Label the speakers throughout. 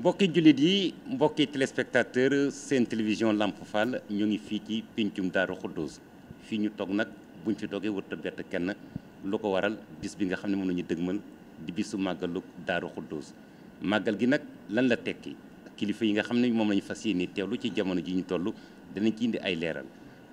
Speaker 1: mbokki julit yi mbokki téléspectateur sen télévision lampe Fall ñu ngi fi ci pincum daru Xuddoos fi ñu tok nak buñ fi toogee wurtu bet kenn lu ko waral bis bi nga xam mënu ñu dëgmal di bisu magaluk daru Xuddoos magal gi nak lan la tekki kilifa yi nga xam mom lañu fasiyene tewlu ci jamono ji ñu tollu danañ ci indi ay leral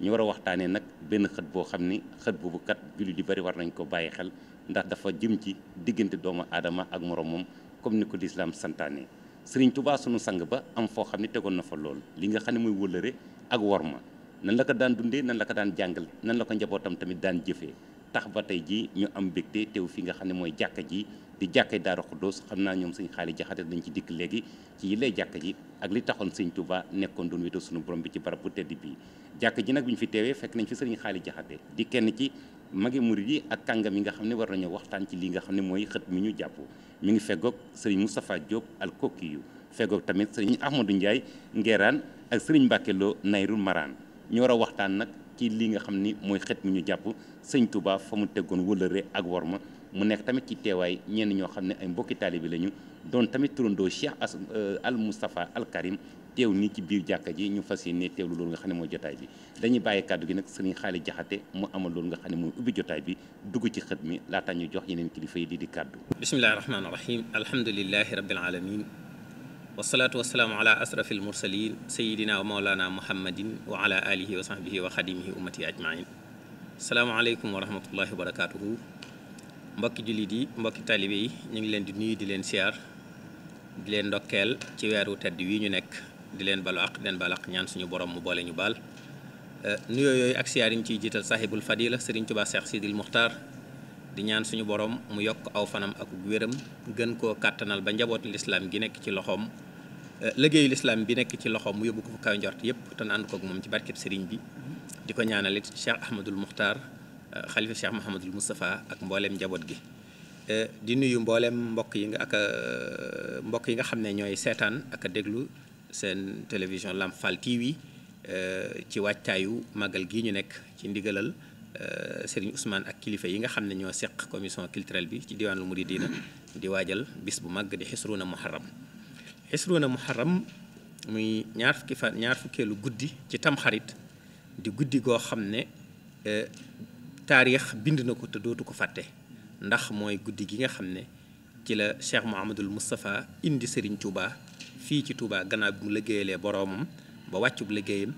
Speaker 1: ñu wara waxtane nak ben benn xët boo xam ne bu boobu kat julit di bari war nañ ko bàyyi xel ndax dafa jëm ci digënté doomu adama ak morom mom comme ni ko lislaam santaane sëriñ tubaa sunu sang ba am foo xam ne tegoon na fa lool li nga xam ne muy wëllëre ak ma nan la ko daan dundee nan la ko daan jàngale nan la ko njabootam tamit daan jëfee tax ba tey ji ñu am mbégte teew fi nga xam ne mooy jàkk ji di jàkkay Daaru Xuddoos xam naa ñoom Serigne Xaali Jaxate dañ ci dikk léegi ci lay jàkka ji ak li taxoon Serigne Touba nekkoon doon wéetoo sunu borom bi ci barab bu tedd bii jàkka ji nag fi teewee fekk nañ fi Serigne Xaali Jaxate di kenn ci magi murid yi ak kàngam yi nga xam ne war nañoo waxtaan ci li nga xam ne mooy xët mi ñu jàpp mi fegok serigne Mustafa Moustapha Diop al Kokiyu Fegok tamit serigne Ahmadou ndjay Nguerane ak serigne Mbacke Nayrul ki ñu war waxtaan nak ci li nga xamni moy mooy xet mi ñu japp serigne Touba famu ak mu nekk tamit ci ay mbokki talibi lañu don tamit Cheikh as euh, al Mustafa al Karim teew nii ci biir jàkka ji ñu fas yéene teewlu loolu nga xam ne mooy jotaay bi dañuy bàyyi kàddu gi nag sëriñ Xaali Jaxate mu amal loolu nga xam ne mooy ubbi jotaay bi dugg ci xët mi laata ñu jox yeneen kilifa yi di di kàddu
Speaker 2: bismillahi rahmaani rahim alhamdulilahi rabbil alamin wasalaatu wasalaamu ala asrafi almursalin sayidina wa maolana muhammadin wa ala alihi wa sahbihi wa xadimihi ummati ajmain asalaamaaleykum wa rahmatullahi wa barakatuhu mbokki jullit yi mbokki taalibe yi ñu ngi leen di nuyu di leen siyaar di leen ndokkeel ci weeru tedd wi ñu nekk di leen balu aq leen baal ñaan suñu borom mu boole ñu baal euh, nuyoo yooyu ak ñu ciy jiital sahibul fadila sëriñ Tuubaa Seex Sidil Muxtaar di ñaan suñu borom mu yokk aw fanam ak wéram gën koo kàttanal ba njabootu lislaam gi nekk ci loxoom euh, liggéeyu lislaam bi nekk ci loxoom mu yóbbu ko fu yëpp te ànd koog moom ci barkeb sëriñ bi di ko ñaanal it Cheikh Ahmadul Muxtaar euh, xalifa Cheikh Mahamadul Moustapha ak mbooleem njaboot gi di nuyu mbooleem mbokk yi nga ak mbokk yi nga xam ne ñooy seetaan ak déglu seen télévision Lamfal TV euh, ci waajtaayu màggal gi ñu nekk ci ndigalal euh, Serigne Ousmane ak kilifa yi nga xam ne ñoo seq commission culturelle bi ci diwaanul muridina di waajal bis bu màgg di xisruuna muharram xisruuna muharram muy ñaar fukki fan ñaar fukkeelu guddi ci tamxarit di guddi goo xam ne euh, taarix bind na ko te dootu ko fàtte ndax mooy guddi gi nga xam ne ci la Cheikh Mouhamadul Moustapha indi Serigne Touba. fii ci Touba gannaaw bi mu liggéeyalee boroomam ba wàccu bu liggéeyam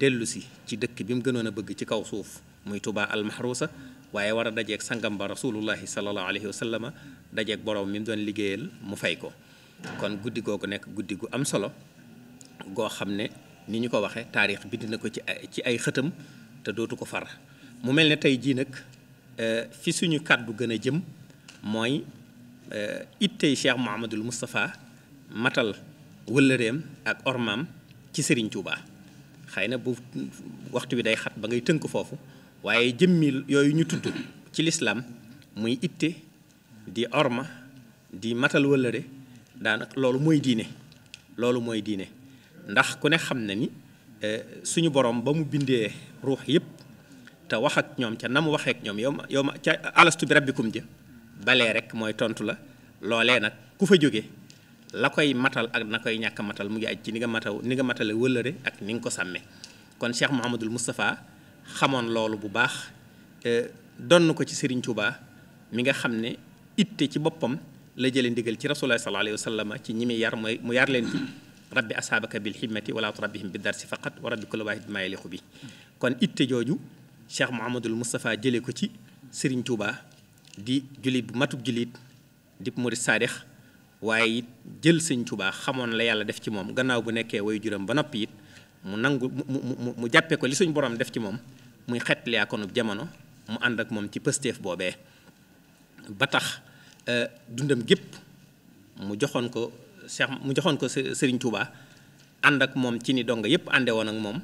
Speaker 2: dellu si ci dëkk bi mu gënoon a bëgg ci kaw suuf muy Touba almahrusa waaye war a dajeeg sangam ba rasulullahi salallahu alayhi wa sallama dajeeg boroom mi mu doon liggéeyal mu fay ko kon guddi googu nekk guddi gu am solo goo xam ne ni ñu ko waxee taarix bind na ko ci ay ci ay xëtam te dootu ko far mu mel ne tey jii nag euh, fi suñu kàddu gën a jëm mooy euh, ittey Cheikh Mouhamadul Moustapha matal wëllëreem ak ormaam ci Serigne Touba xëy na bu waxtu wi day xat ba ngay tënk foofu waaye jëmmi yooyu ñu tudd ci lislaam muy itte di orma di matal wëllëre daanaka loolu mooy diine loolu mooy diine ndax ku ne xam na ni eh, suñu borom ba mu bindee ruux yëpp te wax ak ñoom ca na mu waxee ak ñoom yow ma yow ma ca alastu bi rabbikum ja balee rek mooy tontu la loolee nag ku fa jóge la koy matal ak na koy ñàkk matal mu ngi aj ci ni nga mataw ni nga matale wëllëre ak ni nga ko sàmmee kon Cheikh Mouhamadul Moustapha xamoon loolu bu baax donn ko ci Serigne Touba mi nga xam ne itte ci boppam la jële ndigal ci rasulullah sallallahu alayhi wasallam ci ñi yar mooy mu yar leen ci rabbi asabaka bil himmati wala turabbihim bi darsi faqat wa rabbi kulli wahid maa yaliqu bi kon itte jooju Cheikh Mouhamadul Moustapha jële ko ci Serigne Touba di julit bu matub julit di murid sadikh waye jël seigne touba xamone la yàlla def ci mom gannaaw bu nekké way juram ba nopi mu nangu mu jappé ko li suñ borom def ci mom muy xet li akonu jamono mu ànd ak mom ci pestef bobé ba tax euh dundam gep mu joxone ko cheikh mu joxone ko Sëriñ touba ànd ak mom ci ni donga yep ànde won ak moom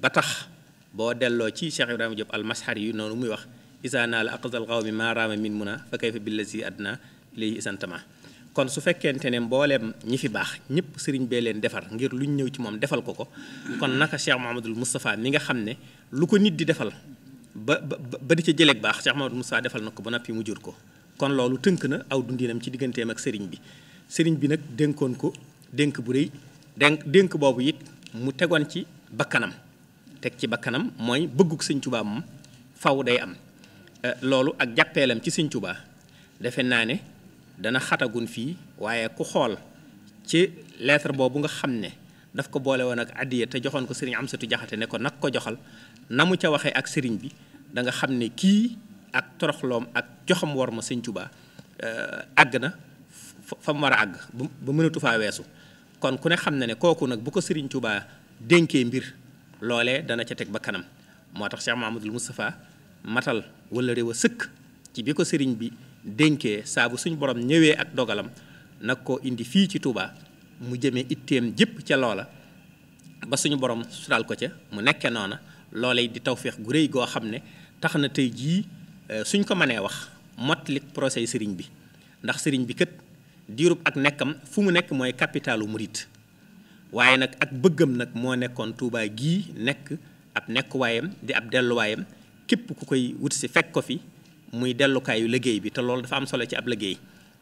Speaker 2: ba tax bo dello ci Cheikh ibrahim Diop al mashari nonu muy wax izana al la qawmi ma rama min muna fa kayfa billazi adna ilayhi isantama kon su fekkente ne mbooleem ñi fi baax ñëpp sëriñ bee leen defar ngir luñ ñëw ci moom defal ko ko kon naka Cheikh Mouhamadul Moustapha mi nga xam ne lu ko nit di defal ba ba di ca jëleeg baax Cheikh Mouhamadul Moustapha defal na ko ba noppi mu jur ko kon loolu tënk na aw dundinam ci digganteem ak sëriñ bi sëriñ bi nag dénkoon ko dénk bu rëy dénk dénk boobu it mu tegoon ci bakkanam teg ci bakkanam mooy bëggug sëñ Tuubaa moom faw day am eh, loolu ak jàppeelam ci sëñ defe naa ne dana xatagun fii waaye ku xool ci lettre boobu nga xam ne daf ko boole woon ak addiya te joxoon ko sëriñ am setu Jaxate ne ko nag ko joxal na mu ca waxee ak sëriñ bi danga xam ne kii ak toroxloom ak joxam war ma sëñ Tuubaa euh, àgg na fa mu war a àgg ba mënatu faa weesu kon ku ne xam ne ne kooku nag bu ko sëriñ Tuubaa dénkee mbir loole dana ca teg ba kanam moo tax Cheikh Mahamadul Moustapha matal wala réew sëkk ci bi ko sëriñ bi dénkee saabu bu suñ borom ñëwee ak dogalam nag koo indi fii ci Touba mu jëmee itteem jëpp ca loola ba suñu borom sural ko ca mu nekke noona loola di tawféex gu rëy goo xam ne tax na tey jii euh, suñ ko mënee wax motlik procès sëriñ bi ndax sëriñ bi kët diirub ak nekkam fu mu nekk mooy capitalu murit waaye nag ak bëggam nag moo nekkoon Touba gii nekk ab nekkuwaayam di ab delluwaayam képp ku koy wut si fekk ko fi muy dellukaayu liggéey bi te loolu dafa am solo ci ab liggéey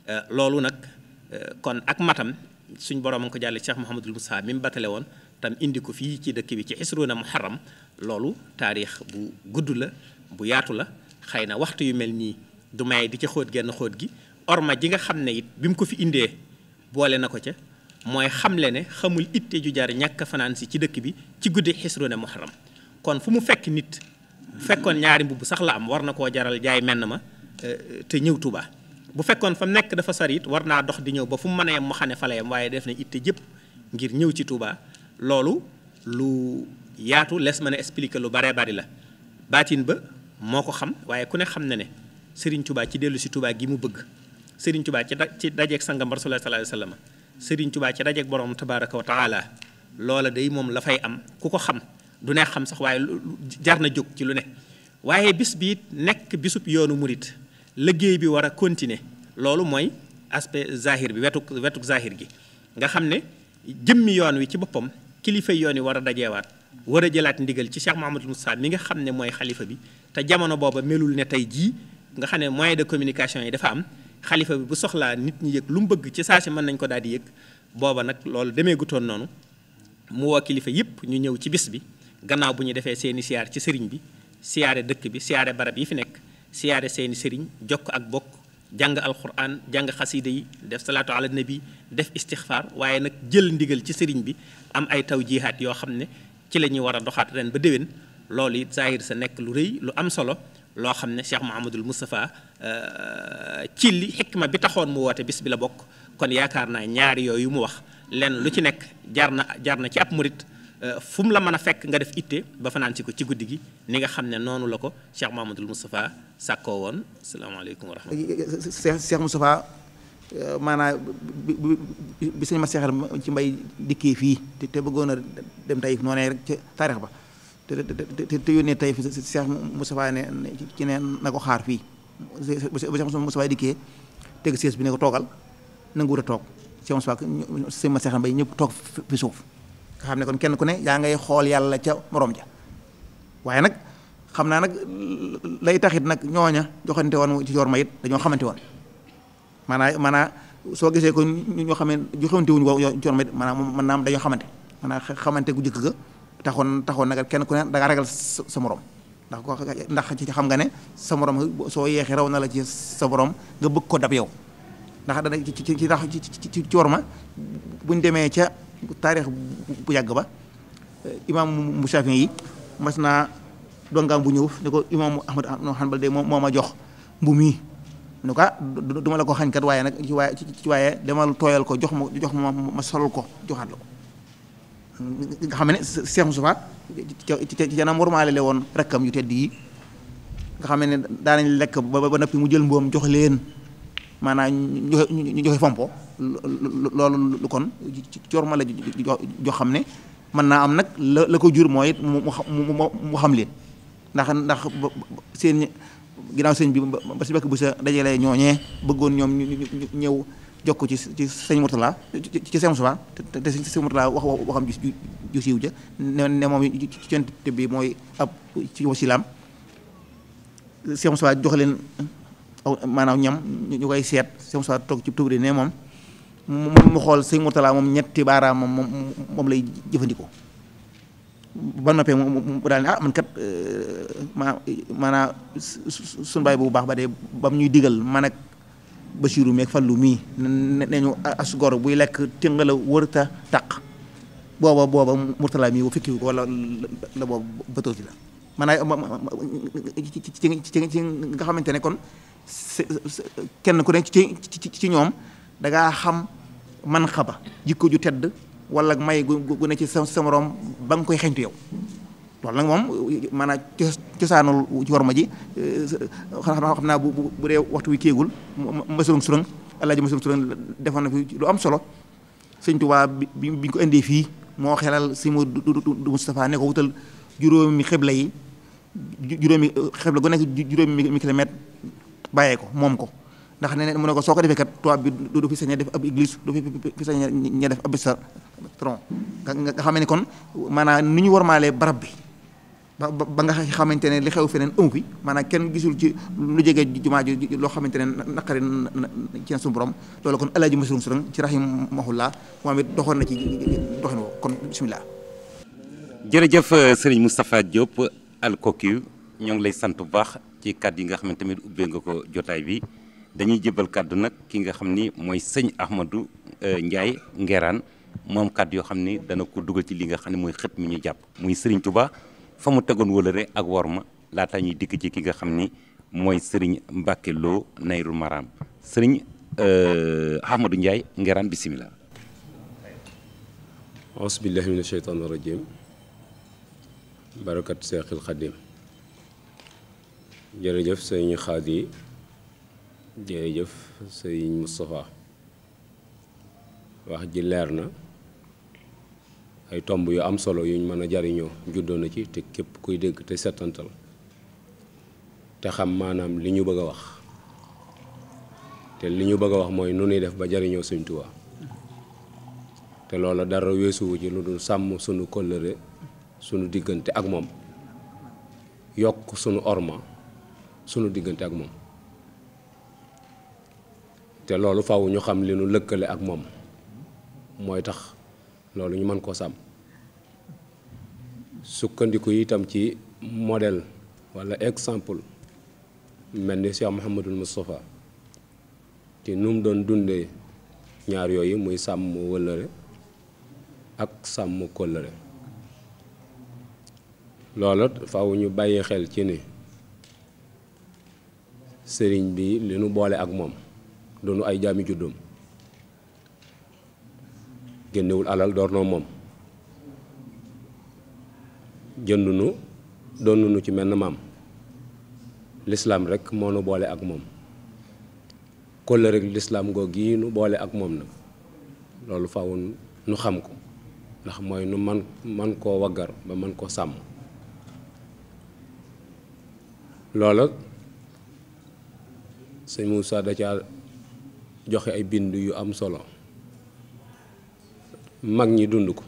Speaker 2: euh, loolu nag euh, kon ak matam suñ borom a ko jàlle Cheikh Mouhamadul Moussa mi mu batale woon tam indi ko fii ci dëkk bi ci xisruuna muharram loolu taarix bu gudd la bu yaatu la xëy na waxtu yu mel nii du may di ca xóot genn xóot gi orma ji nga xam ne it bi mu ko fi indee boole na ko ca mooy xamle ne xamul itte ju jar ñàkk fanaan si ci dëkk bi ci guddi xisruuna muharram kon fu mu fekk nit fekkoon ñaari mbubb sax la am war na koo jaral jaay menn ma euh, te ñëw Touba bu fekkoon fa mu nekk dafa sarit war naa dox di ñëw ba fu mu mën a yem mu xam ne fa la waaye def na itte jëpp ngir ñëw ci Touba loolu lu yaatu les mën a expliquer lu baree bari la baatin ba moo ko xam waaye ku ne xam ne ne Serigne Touba ci dellu si Touba gi mu bëgg Serigne Touba ci da ci dajeeg sangam Rasulullah sallallahu alayhi wasallam Serigne Touba ci dajeeg borom tabaraka wa taala loola day moom la fay am ku ko xam. du neex xam sax waaye jar na jóg ci lu ne waaye bis bi nekk bisub yoonu murit liggéey bi war a continuer loolu mooy aspect zahir bi wetuk wetuk zahir gi nga xam ne jëmmi yoon wi ci boppam kilifa yoon yi war a dajeewaat war a jëlaat ndigal ci Cheikh Mouhamadou moussa mi nga xam ne mooy xalifa bi te jamono booba melul ne tey jii nga xam ne moyen de communication yi dafa am xalifa bi bu soxlaa nit ñi yëg lu mu bëgg ci saa si mën nañ ko daal di yëg booba nag loolu demee gutoon noonu mu woo kilifa yëpp ñu ñëw ci bis bi gannaaw bu ñu defee seeni siyaar ci sëriñ bi siyaare dëkk bi siyaare barab yi fi nekk siyaare seeni sëriñ jokk ak bokk jàng alquran jàng xasida yi def salaatu ala nabi def istighfar waaye nag jël ndigal ci sëriñ bi am ay taw jihaat yoo xam ne ci la ñuy war a doxaat ren ba déwén loolu it zahir sa nekk lu rëy lu am solo loo xam ne Cheikh Mouhamadul Moustapha ci li xikma bi taxoon mu woote bis bi la bokk kon yaakaar naa ñaari yooyu mu wax len lu ci nekk jar na jar na ci ab murit Euh, fu mu la mën a fekk nga def itte ba fanaan si ko ci guddi gi ni nga xam ne noonu la ko Cheikh Mahamadoul Moustapha sàkkoo woon salaamaaleykum
Speaker 3: wa rahmatulah. Cheikh Moustapha euh, maanaam bi bi sëñ ma ci mbay dikkee fii te te bëggoon a dem Taïf noonee rek ca ba te te te yónnee Taïf Cheikh Moustapha ne na ko xaar fii bu Cheikh Moustapha dikkee teg sées bi ne ko toogal nanguwut a toog Cheikh Moustapha sëñ ma seexal mbay ñëpp toog fi suuf. nga xam ne kon kenn ku ne yaa ngay xool yàlla ca moroom ja waaye nag xam naa nag lay taxit nag ñooña joxante woon ci yor ma it dañoo xamante woon maanaa maanaa soo gisee ko ñoo xam ne joxante wuñu ko ci yor ma it maanaam mën naam dañoo xamante maanaa xamante gu jëkk ga taxoon taxoon nag kenn ku ne da ngaa ragal morom ndax ko ndax xam nga ne sa morom soo yeexee raw na la ci sa morom nga bëgg ko dab yow ndax ca taarix bu yàgg ba imaam mu mu Shaafi'i yi mas naa dongaam bu ñëw ne ko imaamu Ahmad no Hanbal de moo ma jox mbu mii en tout cas ma ko xañkat waaye nag ci waaye ci waaye demal tooyal ko jox ma jox ma ma solal ko joxaat nga xam ne Cheikh Moustapha ci janam warmaale le woon rakkam yu nga xam ne daanañ lekk ba ba noppi mu jël mboom jox leen maanaam ñu joxe fompo loolu lu kon coor ma la jo xam ne mën naa am nag la la ko jur mooy it mu mu xam leen ndax ndax seen ginnaaw sëñ bi ba si bekk bu sa dajalee ñooñee bëggoon ñoom ñu ñëw jokk ci ci sëñ Mourtala ci sëñ Moustapha te te sëñ Mourtala wax waxam ju ju siiw ja ne ne moom ci cont bi mooy ab ci wasilaam sëñ Moustapha jox leen aw maanaam ñam ñu koy seet sëñ Moustapha toog ci tuuri ne moom moom mu xool si Mourtala moom ñetti baaraam moom moom lay jëfandikoo ba noppee mu daal ne ah man kat euh, ma maanaam suñu baay bu baax ba dee bam ñuy digal man ak Bachirou meeg Fallou mii nee ñu as buy lekk tëngala wërta taq booba booba Mourtala mii fekkiwu ko wala la booba ba la maanaam ci ci ci nga xamante ne kon kenn ku nekk ci ci ci ñoom da xam. man xaba jikko ju tedd wala may gu gu ne ci sa sa ba nga koy xeñtu yow loolu nag moom maanaam cosaanul ma ji euh, xam naa bu bu dee waxtu wi kéegul masurung surang alaaji masurung surang defoon na fi lu am solo sëñ Tuubaa bi biñ ko indee fii moo xelal si mu du Moustapha ne ko wutal juróomi xibla yi juróomi euh, xibla gu nekk juróomi kilomètre bàyyee ko moom ko ndax nene mu ne ko soko defé kat toa bi du fi sañ def ab église du fi sañ a def ab tron nga xamé ni kon maanaam ni ñu wormalé barab bi ba nga xamantene li xew fenen um fi maanaam kenn gisul ci lu jégué jumaa ju lo xamantene nakari ci sun borom lolu kon alaaji masurum sun ci rahim mahullah momit doxon na ci doxino kon bismillah
Speaker 1: jërëjëf serigne mustapha Diop al Koki ñong lay sant bu baax ci kaddi nga xamantene ubbe nga ko jotay bi dañuy jëbël kaddu nak ki nga xamni moy mooy Ahmadou euh, Ndiaye Ngeraan mom kaddu yo xamni ni dana ko duggal ci li nga xamni moy xet mi ñu japp muy Serigne Touba fa mu tegoon wëlëre ak worma laata ñuy dik ci ki nga xamni moy Serigne Mbacke Lo Nayrul Maram Serigne euh Ahmadou Ndiaye Ngeraan bismillah
Speaker 4: aus billahi min asheytaan rajim barakat seexil xadim jërëjëf sëñ xaadi jërëjëf sëriñ Moustapha wax ji leer na ay tomb yu am solo yuñ mën a jariñoo juddoo na ci te képp kuy dégg te setantal te xam maanaam li ñu bëgg a wax te li ñu bëgg a wax mooy nu ñuy def ba jariñoo suñ Tuubaa te loola dara weesuwu ci lu dul sàmm sunu kóllëre sunu diggante ak moom yokk sunu orma sunu diggante ak moom te loolu faw ñu xam li nu lëkkale ak moom mooy tax loolu ñu mën koo sàmm sukkandiku itam ci model walla exemple mel ni Cheikh Mouhamadul Moustapha te nu doon dundee ñaar yooyu muy sàmm wëllëre ak sàmm kóllëre loola faw ñu bàyyi xel ci ni sëriñ bi li nu boole ak moom Donu ay jami juddum gennewul alal dorno mom moom donunu ci melna mam l'islam rek moo bolé ak ak ko le rek l'islam go gi nu bolé ak mom nag loolu faw nu xam ko ndax moy nu man man ko wagar ba man ko sam loola Seigne Moussa da ca joxe ay bindu yu am solo mag ñi dund ko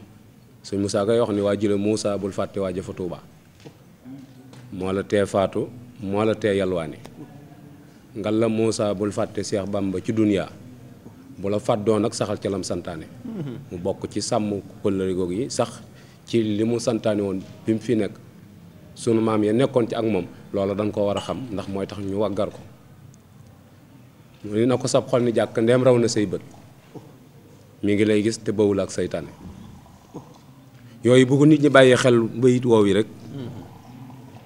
Speaker 4: sey Musa kay wax ni wajile musa bul fatte waje fa Touba mo la te fatu mo la te yalwani ngal la musa bul fatte cheikh Bamba ci dunya bu la do nak saxal ci lam santane mu bok ci ko le gog yi sax ci limu santane won bim fi nek sunu mam ya nekkon ci ak mom lolo dang ko wara xam ndax moy tax ñu waggar ko ni nako sa xol ni jak ndem raw na say bët mi ngi lay gis te bawul ak seytaane yoy bu ko nit ñi baye xel bayit woowi rek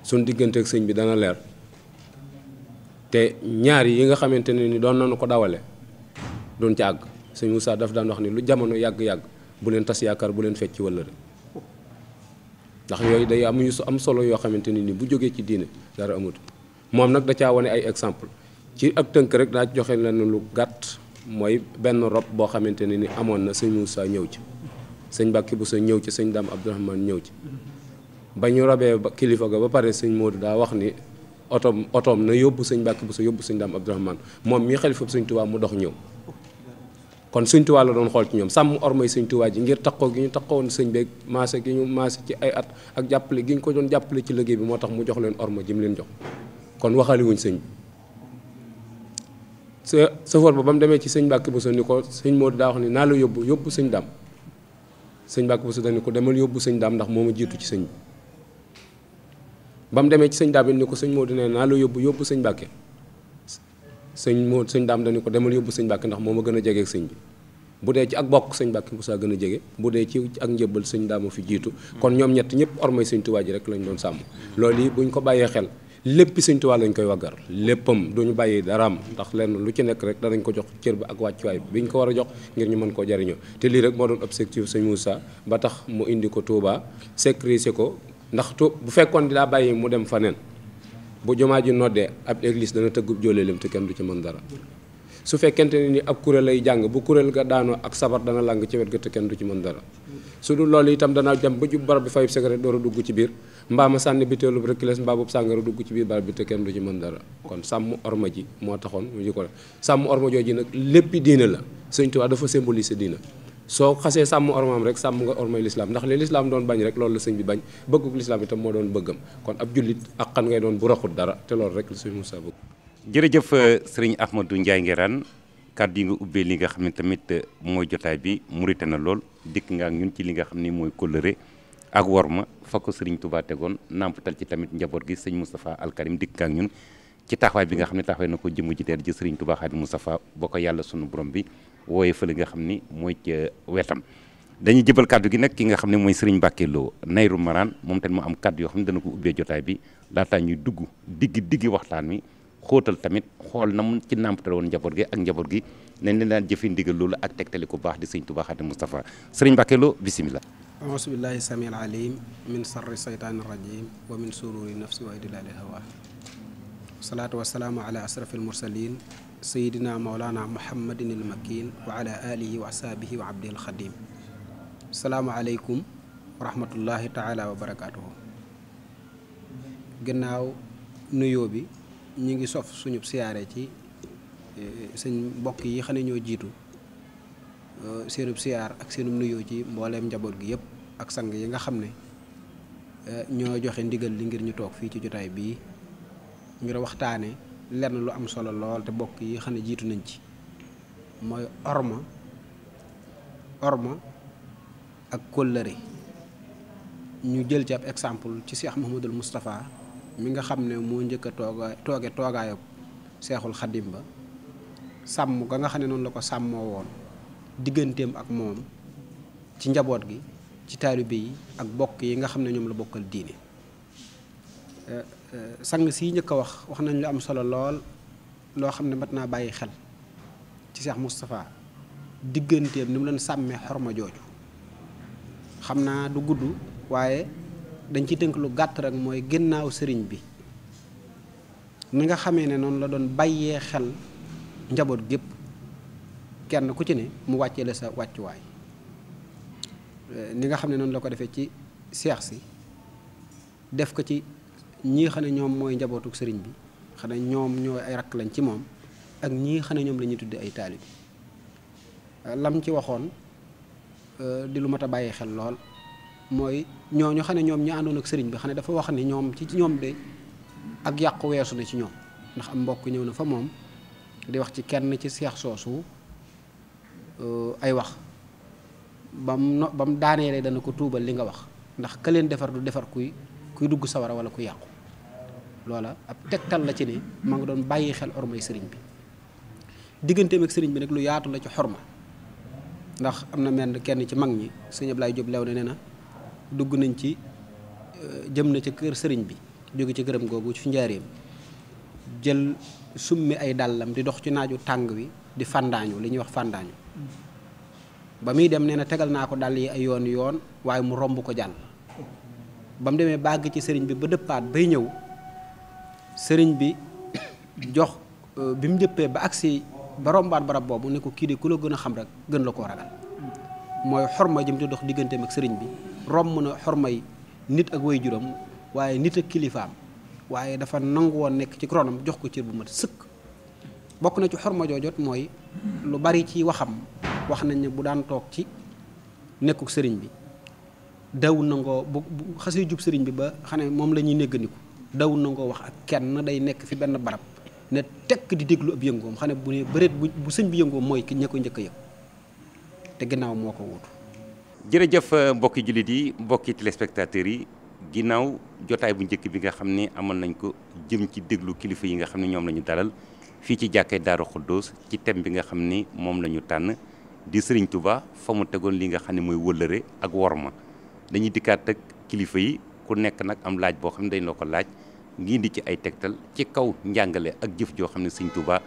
Speaker 4: sun diggante ak señ bi dana leer te ñaar yi nga xamante ni doon nañu ko dawale doon ci ag señ Moussa daf daan wax ni lu jamono yag yag bu len tass yakar bu len fecc wala rek ndax yoy day am yu am solo yo xamante ni bu jógee ci diine dara amut mom nak da ca woné ay exemple ci ak tënk rek daa joxe leen lu gàtt mooy benn rob boo xamante ne ni amoon na sëñ Moussa ñëw ci sëñ bu sa ñëw ci sëñ Daam Abdourahmane ñëw ci ba ñu robee kilifa ga ba pare sëñ Moodu daa wax ni otoom otoom na yóbbu sëñ Mbàkke Buso yóbbu sëñ Daam Abdourahmane moom mii xalifa sëñ Tuubaa mu dox ñëw kon sëñ Tuubaa la doon xool ci ñoom sàmm ormay sëñ Tuubaa ji ngir takkoo gi ñu takkoon sëñ beeg maase gi ñu maase ci ay at ak jàppale gi ñu ko doon jàppale ci liggéey bi moo tax mu jox leen orma ji mu leen jox kon waxaliwuñ sëñ sa safoor ba ba mu demee ci sëñ Mbàkke Bousso ni ko sëñ Modou daa wax ni naa la yóbbu yóbbu sëñ Dame sëñ Mbàkke Bousso dañ ni ko demal yóbbu sëñ Dame ndax moo ma jiitu ci sëñ ba mu demee ci sëñ Dame ni ko sëñ Modou nee naa yóbbu yóbbu sëñ sëñ Modou sëñ Dame dañu ko demal yóbbu sëñ Mbàkke ndax moo ma gën a jege sëñ bi bu dee ci ak bokk sëñ bu saa gën a jege bu dee ci ak njëbbal sëñ Dame fi jiitu kon ñoom ñett ñëpp ormay sëñ Tuubaa ji rek lañ doon sàmm loolu bu buñ ko bàyyee xel lépp Sëñ Tuubaa lañ koy waggar léppam duñu bàyyi daraam ndax lenn lu ci nekk rek danañ ko jox cër ba ak wàccuwaay bi ñu ko war a jox ngir ñu mën koo jariñoo te lii rek moo doon objectif Sëñ Moussa ba tax mu indi ko Touba sécuriser ko ndax tu bu fekkoon di laa bàyyi mu dem faneen bu jumaa ji noddee ab église dana tëggub jóoleelam te kenn du ci mën dara su fekkante ni ab kurel lay jang bu kurel ga daano ak sabar dana lang ci wet ga te kenn du ci mën dara su du loolu itam dana jam ba ju barab bi fayub secret door dugg ci bir mbaa ma bi teelu rek les mbaa boobu dugg ci bir barab bi te kenn du ci mën dara kon sam orma ji mo taxoon mu ko sam orma joji nak lepp diina la seigne touba dafa symboliser diina so xasse sam ormam rek sam nga ormay l'islam ndax li l'islam don bañ rek loolu la bi bañ bëgguk l'islam itam mo don bëggam kon ab julit ak xan ngay don bu raxut dara te rek seigne Moussa jërëjëf euh, sëriñ
Speaker 1: Ahmadou Ndiaye Nguerane kàddu yi nga ubbee li nga xam ne tamit euh, mooy jotaay bi murite na lool dikk nga ak ñun ci li nga xam ni mooy kóllëre ak worma fa ko sëriñ Touba tegoon nampatal ci tamit njaboot gi sëñ Moustapha Alkarim dikk nga ak ñun ci taxawaay bi nga xam ne taxawaay na ko jëmm ji teel ji sëriñ Touba Xaadimu Moustapha ba ko yàlla borom bi wooye fële nga xam ni mooy ca euh, wetam dañuy jëbal kàddu gi nag ki nga xam ne mooy sëriñ Mbàkke Lo Nayru Maraan moom tamit mu am kàddu yoo xam ne dana ko ubbee jotaay bi laataa ñuy dugg digg digg waxtaan wi xóotal tamit xool na mu ci nàmpatal woon njaboot gi ak njaboot gi nañ leen daan jëfe ndigal loolu ak tegtali ku baax di sëñ Tuubaa Xaadimu Mustafaa sëriñ Mbàkke Lo bisimilah
Speaker 5: auusu billaahi samiil aliim min sarri seytaani rajiim wa min sururi nafsi wa idlaali hawa salaatu wasalaamu ala asrafil mursaliin sayidina mawlana muhammadin il makiin wa alihi wa asaabihi wa abdihil xadiim salaamu wa rahmatullahi taala wa barakaatuhu gannaaw nuyoo ñu ngi sof suñu siyaare ci e, sëñ mbokk yi xam ñoo jiitu e, seenub siyaar ak seenub nuyoo ci mbooleem njaboot gi yëpp ak sang yi nga xam ne e, ñoo joxe ndigal li ngir ñu toog fii ci jotaay bii ngir waxtaane lenn lu am solo lool te bokk yi xam ne jiitu nañ ci mooy orma orma ak kóllëre ñu jël ci ab exemple ci Cheikh Mouhamadul Moustapha mi nga xamne mo ñëk toga toge toga yo cheikhul khadim ba sam, ga nga xamne non la ko sàmmoo won digëntem ak mom ci njabot gi ci talibi ak bokk yi nga xamne ñom la bokkal diine eh, eh, sang si ñëk wax wax nañ lu am solo lol lo xamne matna bayyi xel ci Cheikh mustafa digëntem ni leen xorma joju xamna du waaye dañ ci tënk lu gàtt rek mooy ginnaaw sëriñ bi ni nga xamee ne noonu la doon bàyyee xel njaboot gépp kenn ku ci ne mu wàccee la sa wàccuwaay ni nga xam ne noonu la ko defee ci seex si def ko ci ñii xam ne ñoom mooy njabootu sëriñ bi xam ne ñoom ñooy ay rakk lañ ci moom ak ñii xam ne ñoom lañuy ñuy tuddee ay taalibi lam ci waxoon euh, di lu mat a bàyyi xel lool mooy ñooñu xam ne ñoom ñi àndoon ak sëriñ bi xam ne dafa wax ni ñoom ci ñoom de ak yàqu weesu na ci ñoom ndax am mbokk ñëw na fa moom di wax ci kenn ci seex soosu euh, ay wax ba mu no ba mu daaneelee dana ko tuubal li nga wax ndax ka leen defar du defar kuy kuy dugg sawara wala ku yàqu loola ab tegtal la ci ne ma nga doon bàyyi xel ormay sëriñ bi digganteem ak sëriñ bi nag lu yaatu la ci xorma ndax am na menn kenn ci mag ñi sëñ Ablaye job lew ne nee na dugg nañ ci euh, jëm na ci kër sëriñ bi jóge ci këram googu ci njaareem jël summi ay dàllam di dox ci naaju tàng wi di fandaañu li ñuy wax fandaañu ba muy dem nee na tegal naa ko dàll yi ay yoon yoon waaye mu romb ko jàll ba mu demee bàgg ci sëriñ bi ba dëppaat bay ñëw sëriñ bi jox euh, bi mu jëppee ba agsi ba rombaat barab boobu ne ko kii de ku la gën a xam rek gën la koo ragal mooy xorma jëm di dox digganteem ak sëriñ bi romb na xorma nit ak way juróom waaye nit ak kilifaam waaye dafa nangu woon nekk ci ronam jox ko cër bu mat sëkk bokk na ci xorma joojot mooy lu bari ci waxam wax nañ ne bu daan toog ci nekkuk sëriñ bi daw nangoo bu xasee jub sëriñ bi ba xam ne moom la ñuy néggandiku daw nangoo wax ak kenn day nekk fi benn barab ne tekk di déglu ab yëngoom xam ne bu ne bëreet bu sëñ bi yëngoom mooy ki ña njëkk a te ginnaaw moo ko wutu
Speaker 1: jërëjëf euh, mbokki jullit yi mbokki téléspectateurs yi ginnaaw jotaay bu njëkk bi nga xam ni amoon nañ ko jëm ci déglu kilifa yi nga xam ne ñoom lañu dalal fii ci jàkkee Daaru Xuddoos ci thème bi nga xam ni moom la ñu tànn di Sëriñ Tuba fa mu tegoon li nga xam ne mooy wëllëre ak worma dañuy dikkaat ak kilifa yi ku nekk nag am laaj boo xam ne dañ la ko laaj ngi di ci ay tegtal ci kaw njàngale ak jëf joo xam ne Sëriñ Tuba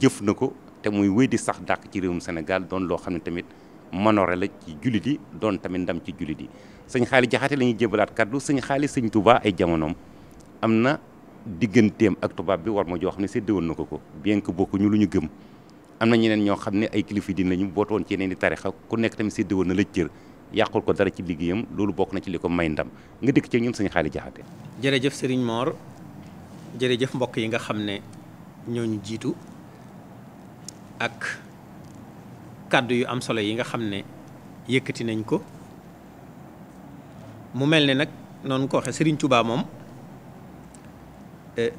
Speaker 1: jëf na ko te muy wéy di sax dàq ci réewum Sénégal doon loo xam ne tamit manore la ci jullit yi doon tamit ndam ci jullit yi sëñ xaali jaxate la ñuy jébalaat kaddu sëñ xaalis sëñ tubaa ay jamonoom am na digganteem ak tubaab bi war ma joo xam ne séddewoon na ko ko bien que bokkuñu lu ñu gëm am na ñeneen ñoo xam ne ay kilifa diin bootoon ci yeneen i tarixa ku nekk tamit séddewoon na la cër yàqul ko dara ci liggéeyam loolu bokk na ci li ko may ndam nga dikk ci ñun sëñ xaali jaxate
Speaker 2: jërëjëf Serigne Mor jërëjëf mbokk yi nga xam ne ñooñu jiitu ak kàddu yu am solo yi nga xam ne yëkkati nañ ko mu mel ni nag noonu ko waxee Serigne Touba moom eh,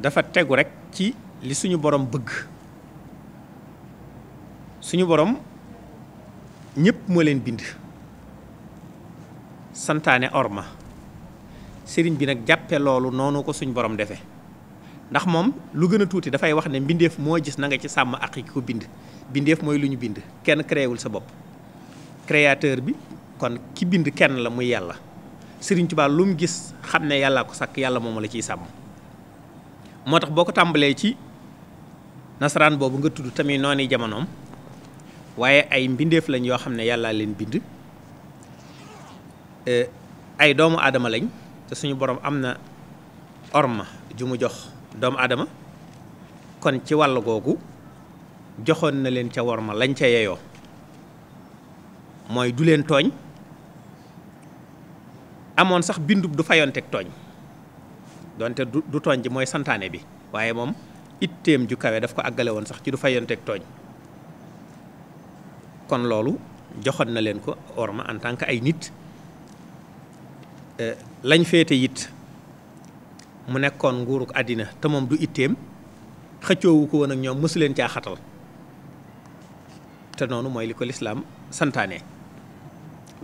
Speaker 2: dafa tegu rek ci li suñu borom bëgg suñu borom ñëpp moo leen bind santaane orma sëriñ bi nag jàppe loolu noonu ko suñu borom defee ndax moom lu gën a tuuti dafay wax ne mbindeef moo gis na nga ci sàmm ak ki ko bind bindeef mooy lu ñu bind kenn créewul sa bopp créateur bi kon ki bind kenn la muy yàlla Sëriñ Tuubaa lu mu gis xam ne yàllaa ko sàkk yàlla moom la ciy sàmm moo tax boo ko tàmbalee ci nasaraan boobu nga tudd tamit noonu jamonoom waaye ay mbindeef lañ yoo xam ne yàlla leen bind euh, ay doomu aadama lañ te suñu borom am na orma ju mu jox doomu aadama kon ci wàll googu joxoon na leen ca war ma lañ ca yeyoo mooy du leen tooñ amoon sax bindub du fayonteeg tooñ donte du du tooñ bi mooy santaane bi waaye moom itteem ju kawe daf ko àggale woon sax ci du fayonteeg tooñ kon loolu joxoon na leen ko war ma en tant que ay nit euh, lañ féete it mu nekkoon nguuruk àddina te moom du itteem xëccoowu ko woon ak ñoom mësu leen caa xatal te nonu moy liko l'islam santane santaane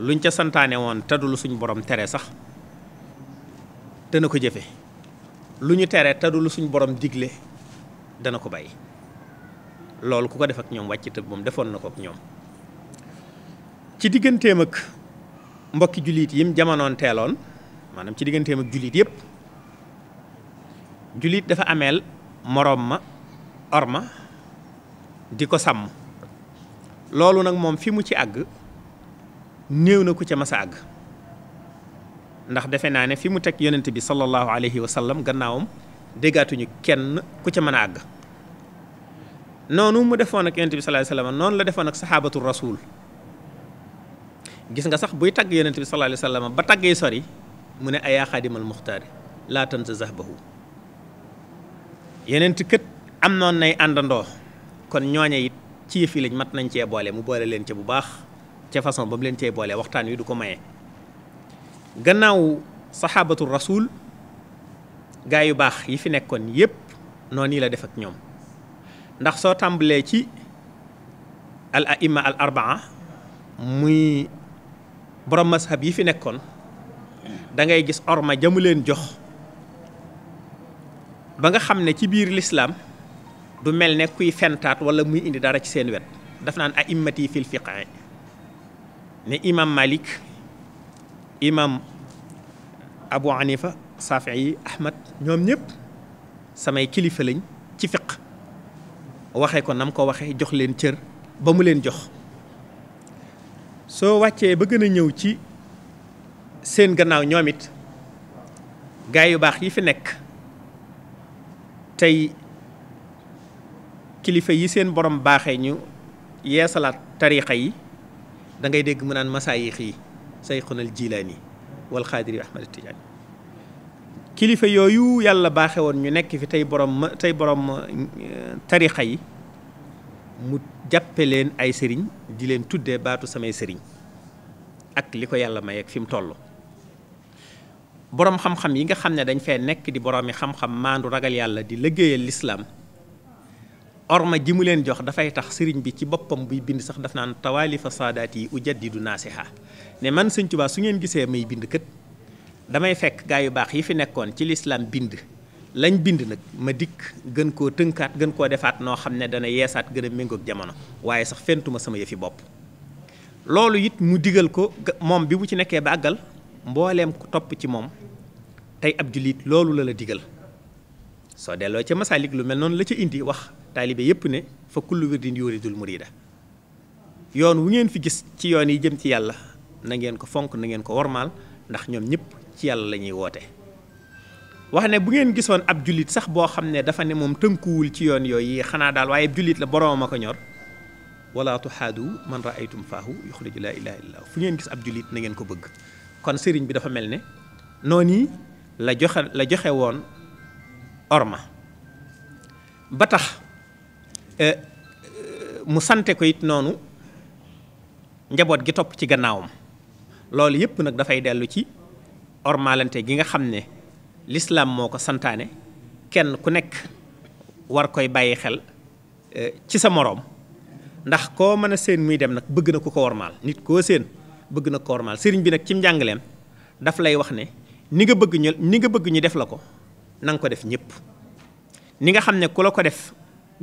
Speaker 2: luñ ca santaane won te du suñ borom téré sax dana ko jëfé luñu téré te suñ borom digle dana ko bayyi loolu ku ko def ak ñom wacc te moom defon nako ak ñom ci digganteem ak mbokki julit yim jamanon télon manam ci digganteem ak julit yépp julit dafa amel morom ma orma diko sam Lalu nang mom fi mu ci ag néew na ku ca mas ag. ndax defé na né fi mu tek yonent bi sallallahu alayhi wa sallam gannaawam déggaatuñu kenn ku ci mëna ag nonu mu defo nak yonent bi sallallahu alayhi wa sallam non la defo nak sahabatu rasul gis nga sax buy tag yonent bi sallallahu alayhi wa sallam ba taggee sori mu né ayaa khadimul mukhtar la tansa zahbahu yonent kët am nay andando kon ñoñe yi ci yëf yi mat nañ cee boole mu boole leen ca bu baax ca façon ba mu leen cee boole waxtaan wi du ko maye. gannaaw saxaabatu rasuul gaa yu baax yi fi nekkoon yépp noonu yi la def ak ñoom ndax soo tàmbalee ci al aima al arbaa muy borom mashab yi fi nekkoon dangay gis orma jamu leen jox ba nga xam ne ci biir lislaam du mel ne kuy fentat wala muy indi dara ci sen wet daf nan a immati fil fiqh ne imam malik imam abu hanifa safi ahmad ñom ñep samay kilifa lañ ci fiqh waxe ko nam ko waxe jox len cieur ba mu len jox so wacce ba gën ñëw ci sen gannaaw ñomit gaay yu bax yi fi nek tay kilifa yi seen borom baaxee ñu yeesalaat tariqa yi da ngay dégg mu naan masaayix yi sayxunal jilaani wal xaadiri ahmad tijaani kilifa yooyu yàlla baaxe woon ñu nekk fi tey borom tey borom tariqa yi mu jàppe leen ay sëriñ di leen tuddee baatu samay sëriñ ak li ko yàlla may ak fi mu toll borom xam-xam yi nga xam ne dañ fee nekk di boroomi xam-xam maandu ragal yàlla di liggéeyal lislaam orma ji mu leen jox dafay tax sëriñ bi ci boppam buy bind sax daf naan tawaalifa saadaat yi ujaddidu naasiha ne man sëñ su ngeen gisee may bind kët damay fekk gaa yu baax yi fi nekkoon ci lislaam bind lañ bind nag ma dikk gën koo tënkaat gën koo defaat noo xam ne dana yeesaat gën a méngoog jamono waaye sax fentuma sama yëfi bopp loolu it mu digal ko moom bi mu ci nekkee bàggal mbooleem ku topp ci moom tey ab jullit loolu la la digal soo delloo ca masaalik lu mel noonu la ca indi wax taalibe yépp ne fa kullu wirdin yuridul murida yoon wu ngeen fi gis ci yoon yi jëm ci yàlla na ngeen ko fonk na ngeen ko wormaal ndax ñoom ñëpp ci yàlla la ñuy woote wax ne bu ngeen gisoon ab jullit sax boo xam ne dafa ne moom tënkuwul ci yoon yooyu xanaa daal waaye jullit la boroom a ko ñor wala tuhaadu man raaytum faahu yuxriju laa ilaha fu ngeen gis ab jullit na ngeen ko bëgg kon sëriñ bi dafa mel ne noonu yi la joxe la joxe woon orma ba Eh, eh, mu sante ko it noonu njaboot gi topp ci gannaawam loolu yëpp nag dafay dellu ci ormalante gi nga xam ne lislaam moo ko santaane kenn ku nekk war koy bàyyi xel eh, ci sa moroom ndax koo mën a séen muy dem nag bëgg na ku ko wormaal nit koo séen bëgg na ko wormaal sëriñ bi nag ci njàngaleem daf lay wax ne ni nga bëgg ñu ni nga bëgg ñu def la ko nanga ko def ñëpp ni nga xam ne ku la ko def